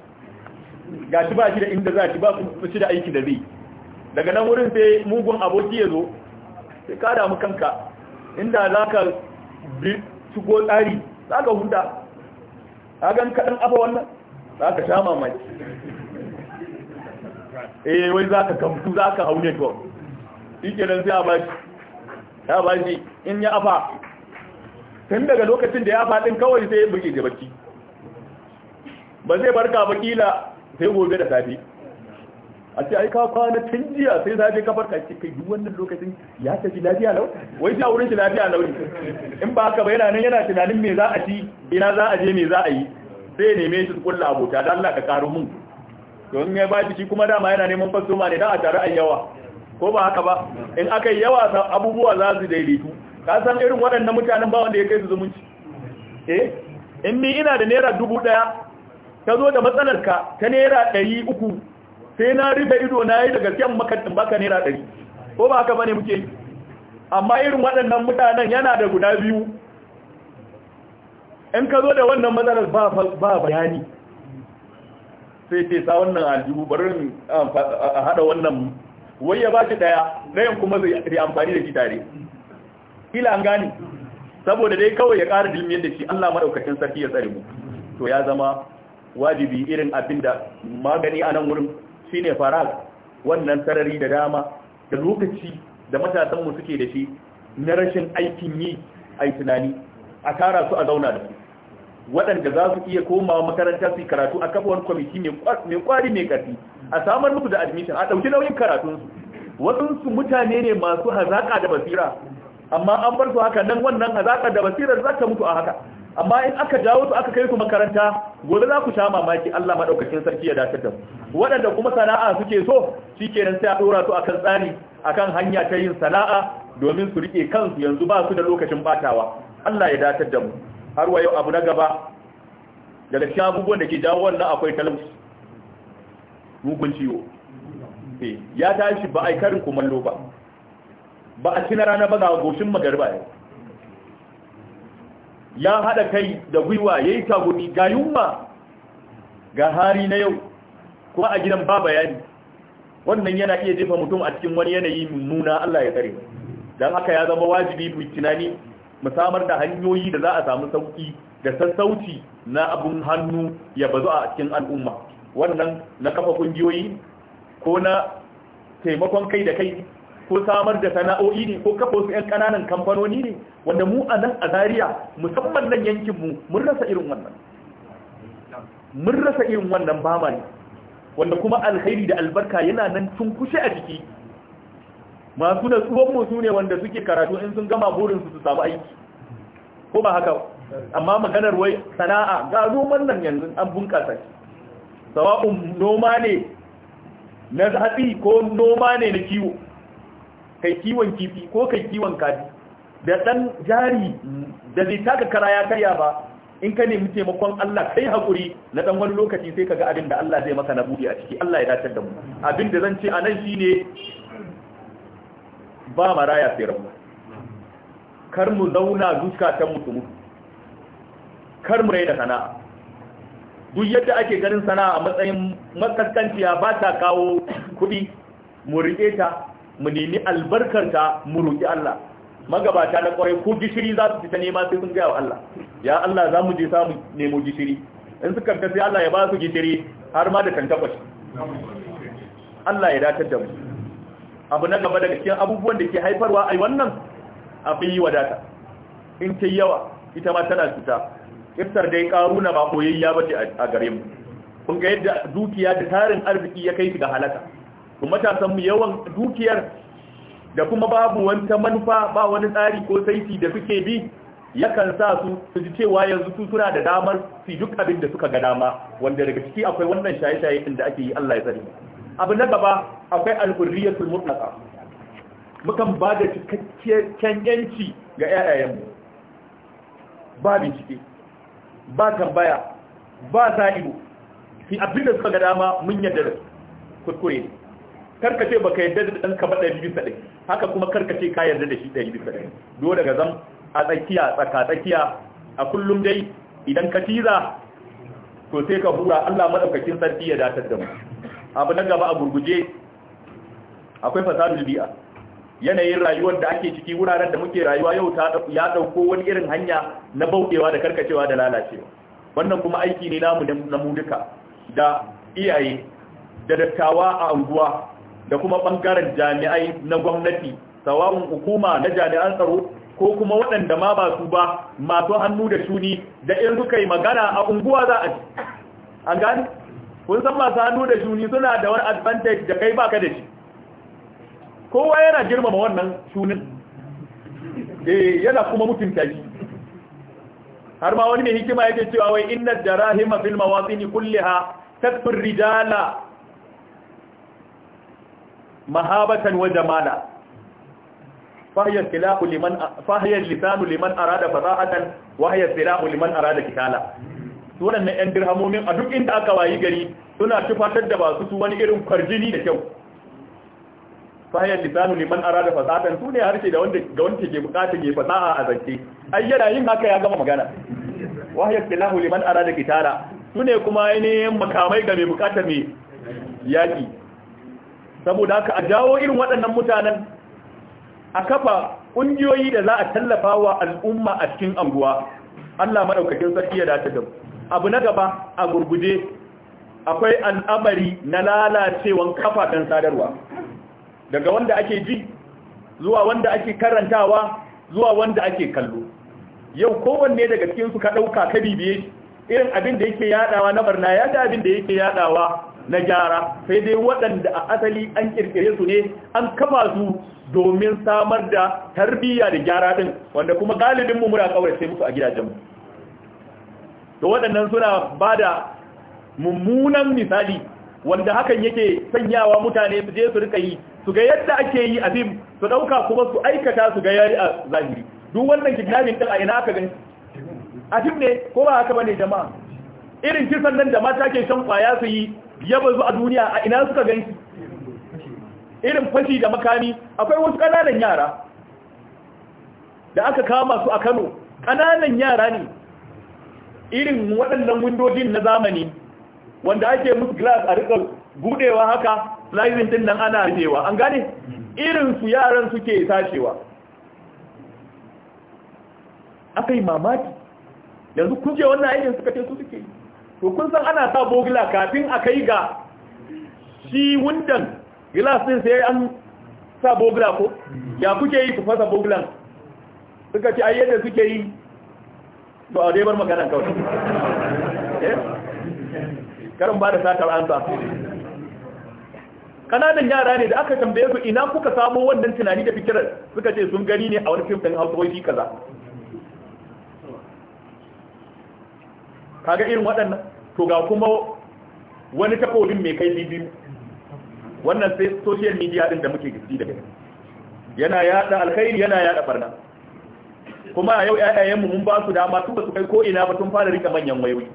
ga shi ba shi da inda za shi ba su shi da aiki da zai daga nan wurin sai mugun aboki ya zo sai ka damu kanka inda za ka shigo tsari za ka hunda ka gan kaɗan afa wannan za ka sha mamaki eh wai za ka kamtu za ka haune network ike nan sai a ba ya ba in ya afa tun daga lokacin da ya faɗin kawai sai ya buge da bacci ba zai barka ba kila sai gobe da safe a ce ai ka kwana tun jiya sai safe ka farka ce kai duk wannan lokacin ya tafi lafiya lau wai sai wurin shi lafiya lau in ba haka ba yana nan yana tunanin me za a ci ina za a je me za a yi sai neme shi kullu abota dan Allah ka karo mun don ya bashi shi kuma dama yana neman fasoma ne don a tare a yawa ko ba haka ba in aka yi yawa abubuwa za su daidaitu ka san irin waɗannan mutanen ba wanda ya kai su zumunci eh in ni ina da naira dubu ɗaya ta zo da matsalarka ta naira ɗari uku sai na rufe ido na yi da gaskiyan makaɗin baka naira ɗari ko ba haka ba ne muke amma irin waɗannan mutanen yana da guda biyu in ka zo da wannan matsalar ba bayani sai ce sa wannan aljihu bari a hada wannan wai ya ɗaya daya dayan kuma zai amfani da shi tare ila an gani saboda dai kawai ya kara dilmiyar da shi Allah madaukakin sarki ya tsare mu to ya zama wajibi irin abinda magani a nan wurin shine farag wannan sarari da dama da lokaci da matasan mu suke da shi na rashin aikin yi ai tunani a tara su a zauna da su waɗanda za su iya komawa makarantar su karatu a kafa wani kwamiti mai kwari mai ƙarfi a samar musu da admission a ɗauki nauyin karatunsu waɗansu mutane ne masu hazaƙa da basira amma an bar su haka nan wannan hazaƙa da basirar za ta mutu a haka amma in aka jawo su aka kai su makaranta gobe za ku sha mamaki Allah maɗaukakin sarki ya dace da waɗanda kuma sana'a suke so kenan sai a ɗora su akan tsari akan hanya ta yin sana'a domin su riƙe kansu yanzu ba su da lokacin batawa Allah ya dace da mu har wa yau abu na gaba daga cikin abubuwan da ke jawo wannan akwai talauci mugun ciwo eh, ya tashi ba a yi karin kumallo ba ba a cina rana ba ga goshin magarba ya haɗa kai da gwiwa ya yi tagumi ga yunwa ga hari na yau kuma a gidan ba bayani wannan yana iya jefa mutum a cikin wani yanayi mummuna Allah ya tsare don haka ya zama wajibi mu tunani mu samar da hanyoyi da za a samu sauki da sassauci na abun hannu ya bazu a cikin al'umma wannan na kafa kungiyoyi ko na taimakon kai da kai ko samar da sana'o'i ne ko kafa wasu 'yan kananan kamfanoni ne wanda mu a nan a zariya musamman nan yankinmu mun rasa irin wannan mun rasa irin wannan bama wanda kuma alkhairi da albarka yana nan tun kushe a jiki masu da tsohonmu su ne wanda suke karatu in sun gama burinsu su samu aiki ko ba haka amma maganar wai sana'a ga noman nan yanzu an bunƙasa sawa'un noma ne na hatsi ko noma ne na kiwo kai kiwon kifi ko kai kiwon kaji da ɗan jari da zai taka kara ya karya ba in ka nemi taimakon Allah kai hakuri na ɗan wani lokaci sai kaga abin da Allah zai maka na buɗe a ciki Allah ya dace da mu abin da zan ce anan shine ba maraya sai rabu kar mu zauna zukatan ta mutu kar mu da sana'a duk yadda ake ganin sana'a a matsayin makaskanciya ba ta kawo kuɗi mu riƙe ta mu nemi albarkarta mu roƙi Allah magabata na kwarai ko gishiri za su fita nema sai sun gaya wa Allah ya Allah za mu je samu nemo gishiri in suka fita sai Allah ya ba su gishiri har ma da tantakwashi Allah ya datar da mu abu na gaba daga cikin abubuwan da ke haifarwa ai wannan abin yi wadata in ta yawa ita ma tana cuta iftar dai karuna ba koyayya ya bace a gare mu kun ga yadda dukiya da tarin arziki ya kai shi ga halaka to matasan mu yawan dukiyar da kuma babu wata manufa ba wani tsari ko saiti da suke bi yakan sa su su ji cewa yanzu su suna da damar su duk abin da suka ga dama wanda daga ciki akwai wannan shaye-shaye inda da ake yi Allah ya tsare abu na gaba akwai alhurriyatul mutlaqa mukan ba da cikakken yanci ga ƴaƴayenmu ba bincike ba tambaya ba sa'ido fi abinda suka ga dama mun yadda da kuskure ne karkace baka yadda da ɗanka ba ɗari bisa ɗari haka kuma karkace ka yarda da shi ɗari bisa ɗari do daga zam a tsakiya tsaka tsakiya a kullum dai idan ka tiza to sai ka hura Allah madaukakin sarki ya datar da mu abu na gaba a gurguje akwai fasadul bi'a yanayin rayuwar da ake ciki wuraren da muke rayuwa yau ya dauko wani irin hanya na baukewa da karkacewa da lalacewa wannan kuma aiki ne namu na mu duka da iyaye da dattawa a unguwa da kuma bangaren jami'ai na gwamnati sawa'un hukuma na jami'an tsaro ko kuma waɗanda ma ba su ba masu hannu da shuni da in suka yi magana a unguwa za a an gani kun san masu hannu da shuni suna da wani advantage da kai baka da shi kowa yana girmama wannan sunin E, eh, yana kuma mutunta shi har ma wani mai hikima yake cewa wai inna darahima fil mawazin kulliha takfir rijala mahabatan wa jamala fahiya silahu liman fahiya lisanu liman arada fadahatan wa hiya silahu liman arada kitala wannan ɗan dirhamomin a duk inda aka wayi gari suna tufatar da basu su wani irin kwarjini da kyau fahiyar lisanu liman arada fasatan su ne harshe da wanda ga wanda ke bukata ke fasaha a zance ai yana yin haka ya gama magana wahiyar silahu liman arada kitara su ne kuma ainihin makamai ga mai bukata mai yaki saboda haka a jawo irin waɗannan mutanen a kafa ƙungiyoyi da za a tallafa wa al'umma a cikin anguwa Allah maɗaukakin sarki ya dace da abu na gaba a gurguje akwai al'amari na lalacewan kafafen sadarwa daga wanda ake ji zuwa wanda ake karantawa zuwa wanda ake kallo yau kowanne daga cikin su ka dauka ka bibiye irin abin da yake yadawa na barna ya da abin da yake yadawa na gyara sai dai waɗanda a asali an kirkire su ne an kafa su domin samar da tarbiyya da gyara din wanda kuma galibin mu muna sai musu a gidajen mu to waɗannan suna bada mummunan misali wanda hakan yake sanyawa mutane su je su rika yi su ga yadda ake yi a fim su ɗauka kuma su aikata su ga yari a zahiri duk wannan kidnapping din a ina aka gani A fim ne ko ba haka bane jama'a irin kisan nan da mata ke shan kwaya su yi ya bazu a duniya a ina suka gani irin fashi da makami akwai wasu ƙananan yara da aka kama su a Kano ƙananan yara ne irin waɗannan windojin na zamani wanda ake musu glass a rikar budewa haka layin din nan ana rufewa an gane irin su yaran suke tashewa akai mamaki yanzu kun je wannan aikin suka ce su suke to kun san ana sa bogila kafin a kai ga shi wundan glass din sai an sa bogila ko ya kuke yi ku fasa bogilan suka ce ai yadda suke yi to a dai bar magana kawai eh? karin ba da satar an sa kananan yara ne da aka tambaye su ina kuka samo wannan tunani da fikirar suka ce sun gani ne a wani fim din hausa kaza kaga irin waɗannan to ga kuma wani takobin mai kai biyu wannan sai social media din da muke gisi da yana yada alkhairi yana yada barna kuma a yau ƴaƴayenmu mun ba su dama tun ba su kai ko ina ba tun fara rika manyan wayoyi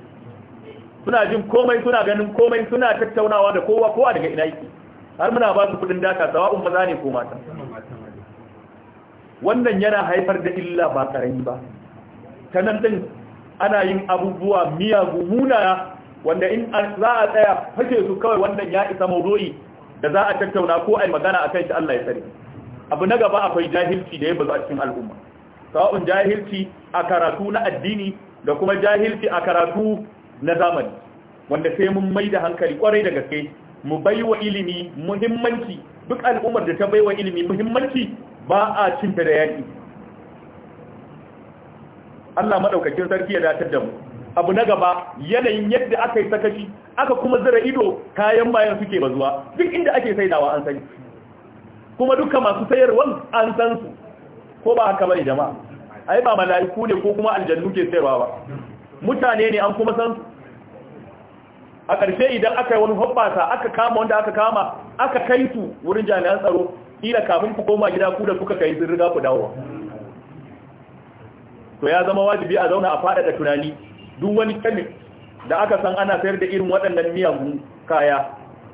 suna jin komai suna ganin komai suna tattaunawa da kowa kowa daga ina yake har muna ba su kudin daka sawa'un maza ne ko mata wannan yana haifar da illa ba karami ba ta nan din ana yin abubuwa miyagu munana wanda in za a tsaya fashe su kawai wannan ya isa maudu'i da za a tattauna ko a yi magana a kan shi Allah ya sani abu na gaba akwai jahilci da ya bazu a cikin al'umma sawa'un jahilci a karatu na addini da kuma jahilci a karatu na zamani wanda sai mun mai da hankali kwarai da gaske mu baiwa ilimi muhimmanci duk al'ummar da ta baiwa ilimi muhimmanci ba a ta da yaƙi Allah maɗaukakin sarki ya datar da mu abu na gaba yanayin yadda aka yi sakashi aka kuma zira ido kayan bayan suke bazuwa duk inda ake saidawa an sani kuma duka masu sayarwa an san su ko ba haka bane jama'a ai ba mala'iku ne ko kuma aljannu ke sayarwa ba mutane ne an kuma san su a ƙarshe idan aka yi wani hoɓɓasa aka kama wanda aka kama aka kai su wurin jami'an tsaro ila kafin ku koma gida ku da kuka kai sun riga ku dawo to ya zama wajibi a zauna a faɗaɗa tunani duk wani kemis da aka san ana sayar da irin waɗannan miyagun kaya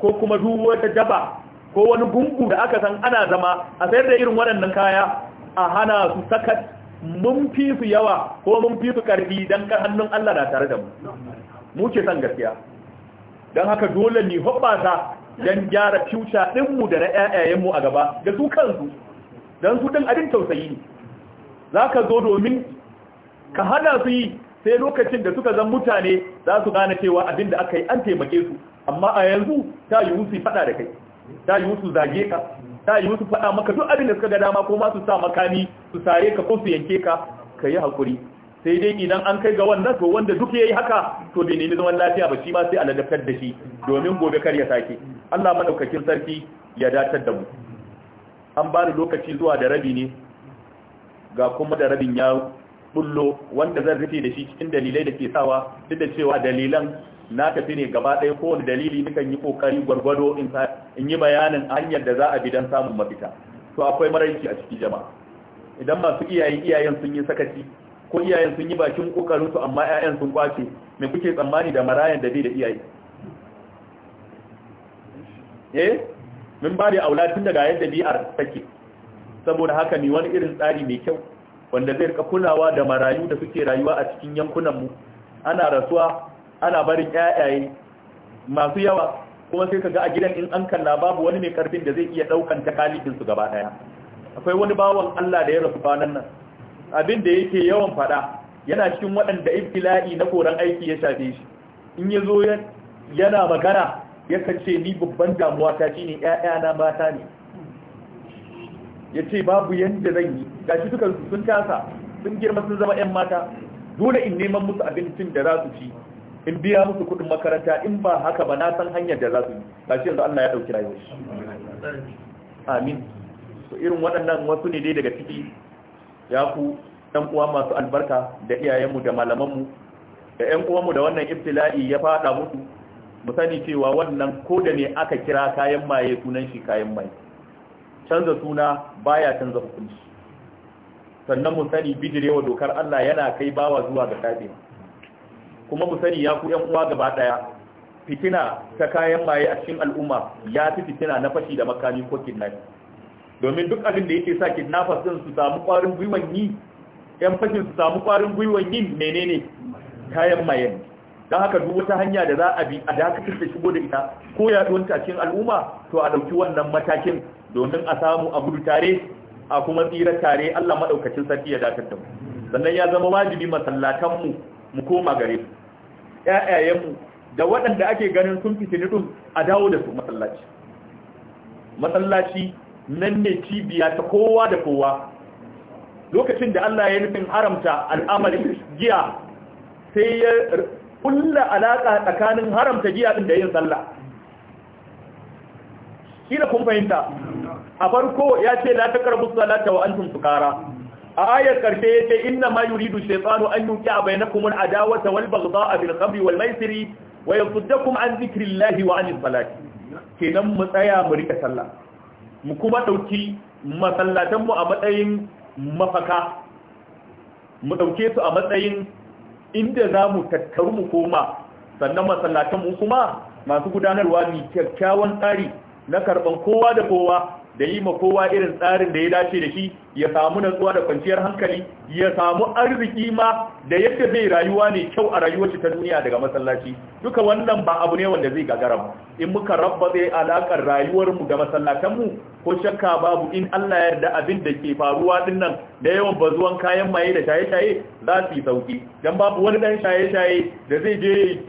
ko kuma duk wata jaba ko wani gungu da aka san ana zama a sayar da irin waɗannan kaya a hana su sakat mun fi su yawa ko mun fi su ƙarfi don hannun Allah na tare da mu mu ke san gaskiya don haka dole ne hoɓata don gyara future ɗinmu da na ƴaƴayenmu a gaba da su kansu don su ɗin abin tausayi ne za ka zo domin ka hana su yi sai lokacin da suka zan mutane za su gane cewa abin da aka yi an taimake su amma a yanzu ta yi musu faɗa da kai ta yi musu zage ka ta yi musu faɗa maka duk abin da suka ga dama ko ma su sa makami su sare ka ko su yanke ka ka yi haƙuri sai dai idan an kai ga wannan to wanda duk yayi haka to bai nemi zaman lafiya ba shi ma sai a ladabtar da shi domin gobe kar ya sake Allah madaukakin sarki ya datar da mu an bani lokaci zuwa da rabi ne ga kuma da rabin ya bullo wanda zan rufe da shi cikin dalilai da ke sawa duk da cewa dalilan na tafi ne gaba ɗaya kowane dalili kan yi kokari gwargwado in yi bayanin hanyar da za a bi don samun mafita to akwai maraici a ciki jama'a idan masu iyayen iyayen sun yi sakaci ko iyayen sun yi bakin kokarin su amma ƴaƴan sun kwace me kuke tsammani da marayan da bai da iyaye eh mun ba da aula tun daga yadda bi'ar take saboda haka ne wani irin tsari mai kyau wanda zai rika kulawa da marayu da suke rayuwa a cikin yankunan mu ana rasuwa ana barin ƴaƴaye masu yawa kuma sai kaga a gidan in an kalla babu wani mai karfin da zai iya daukan takalifin su gaba daya akwai wani bawon Allah da ya rasu kwanan nan abin da yake yawan faɗa yana cikin waɗanda ibtila'i na koran aiki ya shafe shi in ya zo yana magana ya ce ni babban damuwa ta shine 'ya'yana mata ne Ya ce babu yadda zan yi gashi shi suka sun tasa sun girma sun zama ƴan mata dole in neman musu abincin da za su ci in biya musu kuɗin makaranta in ba haka ba na san hanyar da za su yi shi yanzu Allah ya ɗauki rayuwar shi amin irin waɗannan wasu ne dai daga ciki ya ku ɗan uwa masu albarka da iyayenmu da malamanmu da ƴan uwanmu da wannan ibtila'i ya faɗa musu mu sani cewa wannan ko da ne aka kira kayan maye sunan shi kayan maye canza suna baya canza hukunci sannan mu sani bijirewa dokar Allah yana kai bawa zuwa ga kafin kuma mu sani ya ku ƴan uwa gaba ɗaya fitina ta kayan maye a cikin al'umma ya fi fitina na fashi da makami ko kidnapping domin duk abin da yake sa kidnappers din su samu kwarin gwiwan yi yan fashin su samu kwarin gwiwan yin menene kayan mayan don haka duk wata hanya da za a bi a dakatar da shigo da ita ko yaduwar ta cikin al'umma to a dauki wannan matakin domin a samu a gudu tare a kuma tsira tare Allah maɗaukacin sarki ya dakatar da mu sannan ya zama wajibi masallatan mu mu koma gare su ƴaƴayen mu da waɗanda ake ganin sun fitini dum a dawo da su masallaci masallaci nan ne cibiya ta kowa da kowa lokacin da Allah ya nufin haramta al'amarin giya sai ya kulla alaƙa tsakanin haramta giya ɗin da yin sallah kila kun fahimta a farko ya ce la ta karbu salata wa sukara a ayar karfe ya ce inna ma yuridu shaytanu an yuqi bainakum al-adawata wal baghda'a bil khamri wal maisiri wa kuma an lahi wa anil salati kenan mu tsaya mu rika sallah mu kuma ɗauki masallatanmu a matsayin mafaka mu ɗauke su a matsayin inda za mu tattaru mu koma sannan masallatanmu kuma masu gudanarwa mai kyakkyawan tsari na karɓan kowa da kowa da yi ma kowa irin tsarin da ya dace da shi ya samu natsuwa da kwanciyar hankali ya samu arziki ma da yadda zai rayuwa ne kyau a rayuwar ta duniya daga masallaci duka wannan ba abu ne wanda zai gagara mu in muka rabba zai alakar rayuwar mu da masallatan mu ko shakka babu in Allah ya yarda abin da ke faruwa din nan da yawan bazuwan kayan maye da shaye-shaye za su yi sauki dan babu wani dan shaye-shaye da zai je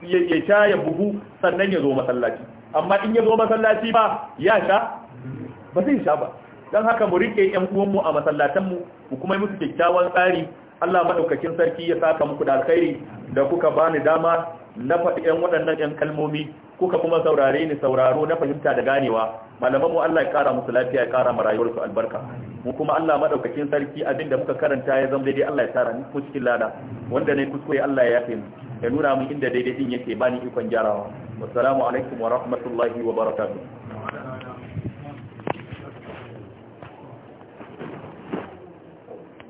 ya ya buhu sannan ya zo masallaci amma in ya zo masallaci ba ya sha ba zai sha ba don haka mu rike yan uwanmu a masallatanmu mu kuma yi musu kyakkyawan tsari Allah madaukakin sarki ya saka muku da alkhairi da kuka bani dama na faɗi yan waɗannan yan kalmomi kuka kuma saurare ni sauraro na fahimta da ganewa malaman mu Allah ya kara musu lafiya ya kara ma rayuwarsu albarka mu kuma Allah madaukakin sarki abin da muka karanta ya zama daidai Allah ya tsara ni cikin lada wanda ne kuskure Allah ya yafe mu ya nuna mu inda daidai din yake ni ikon gyarawa wassalamu alaikum wa rahmatullahi wa barakatuh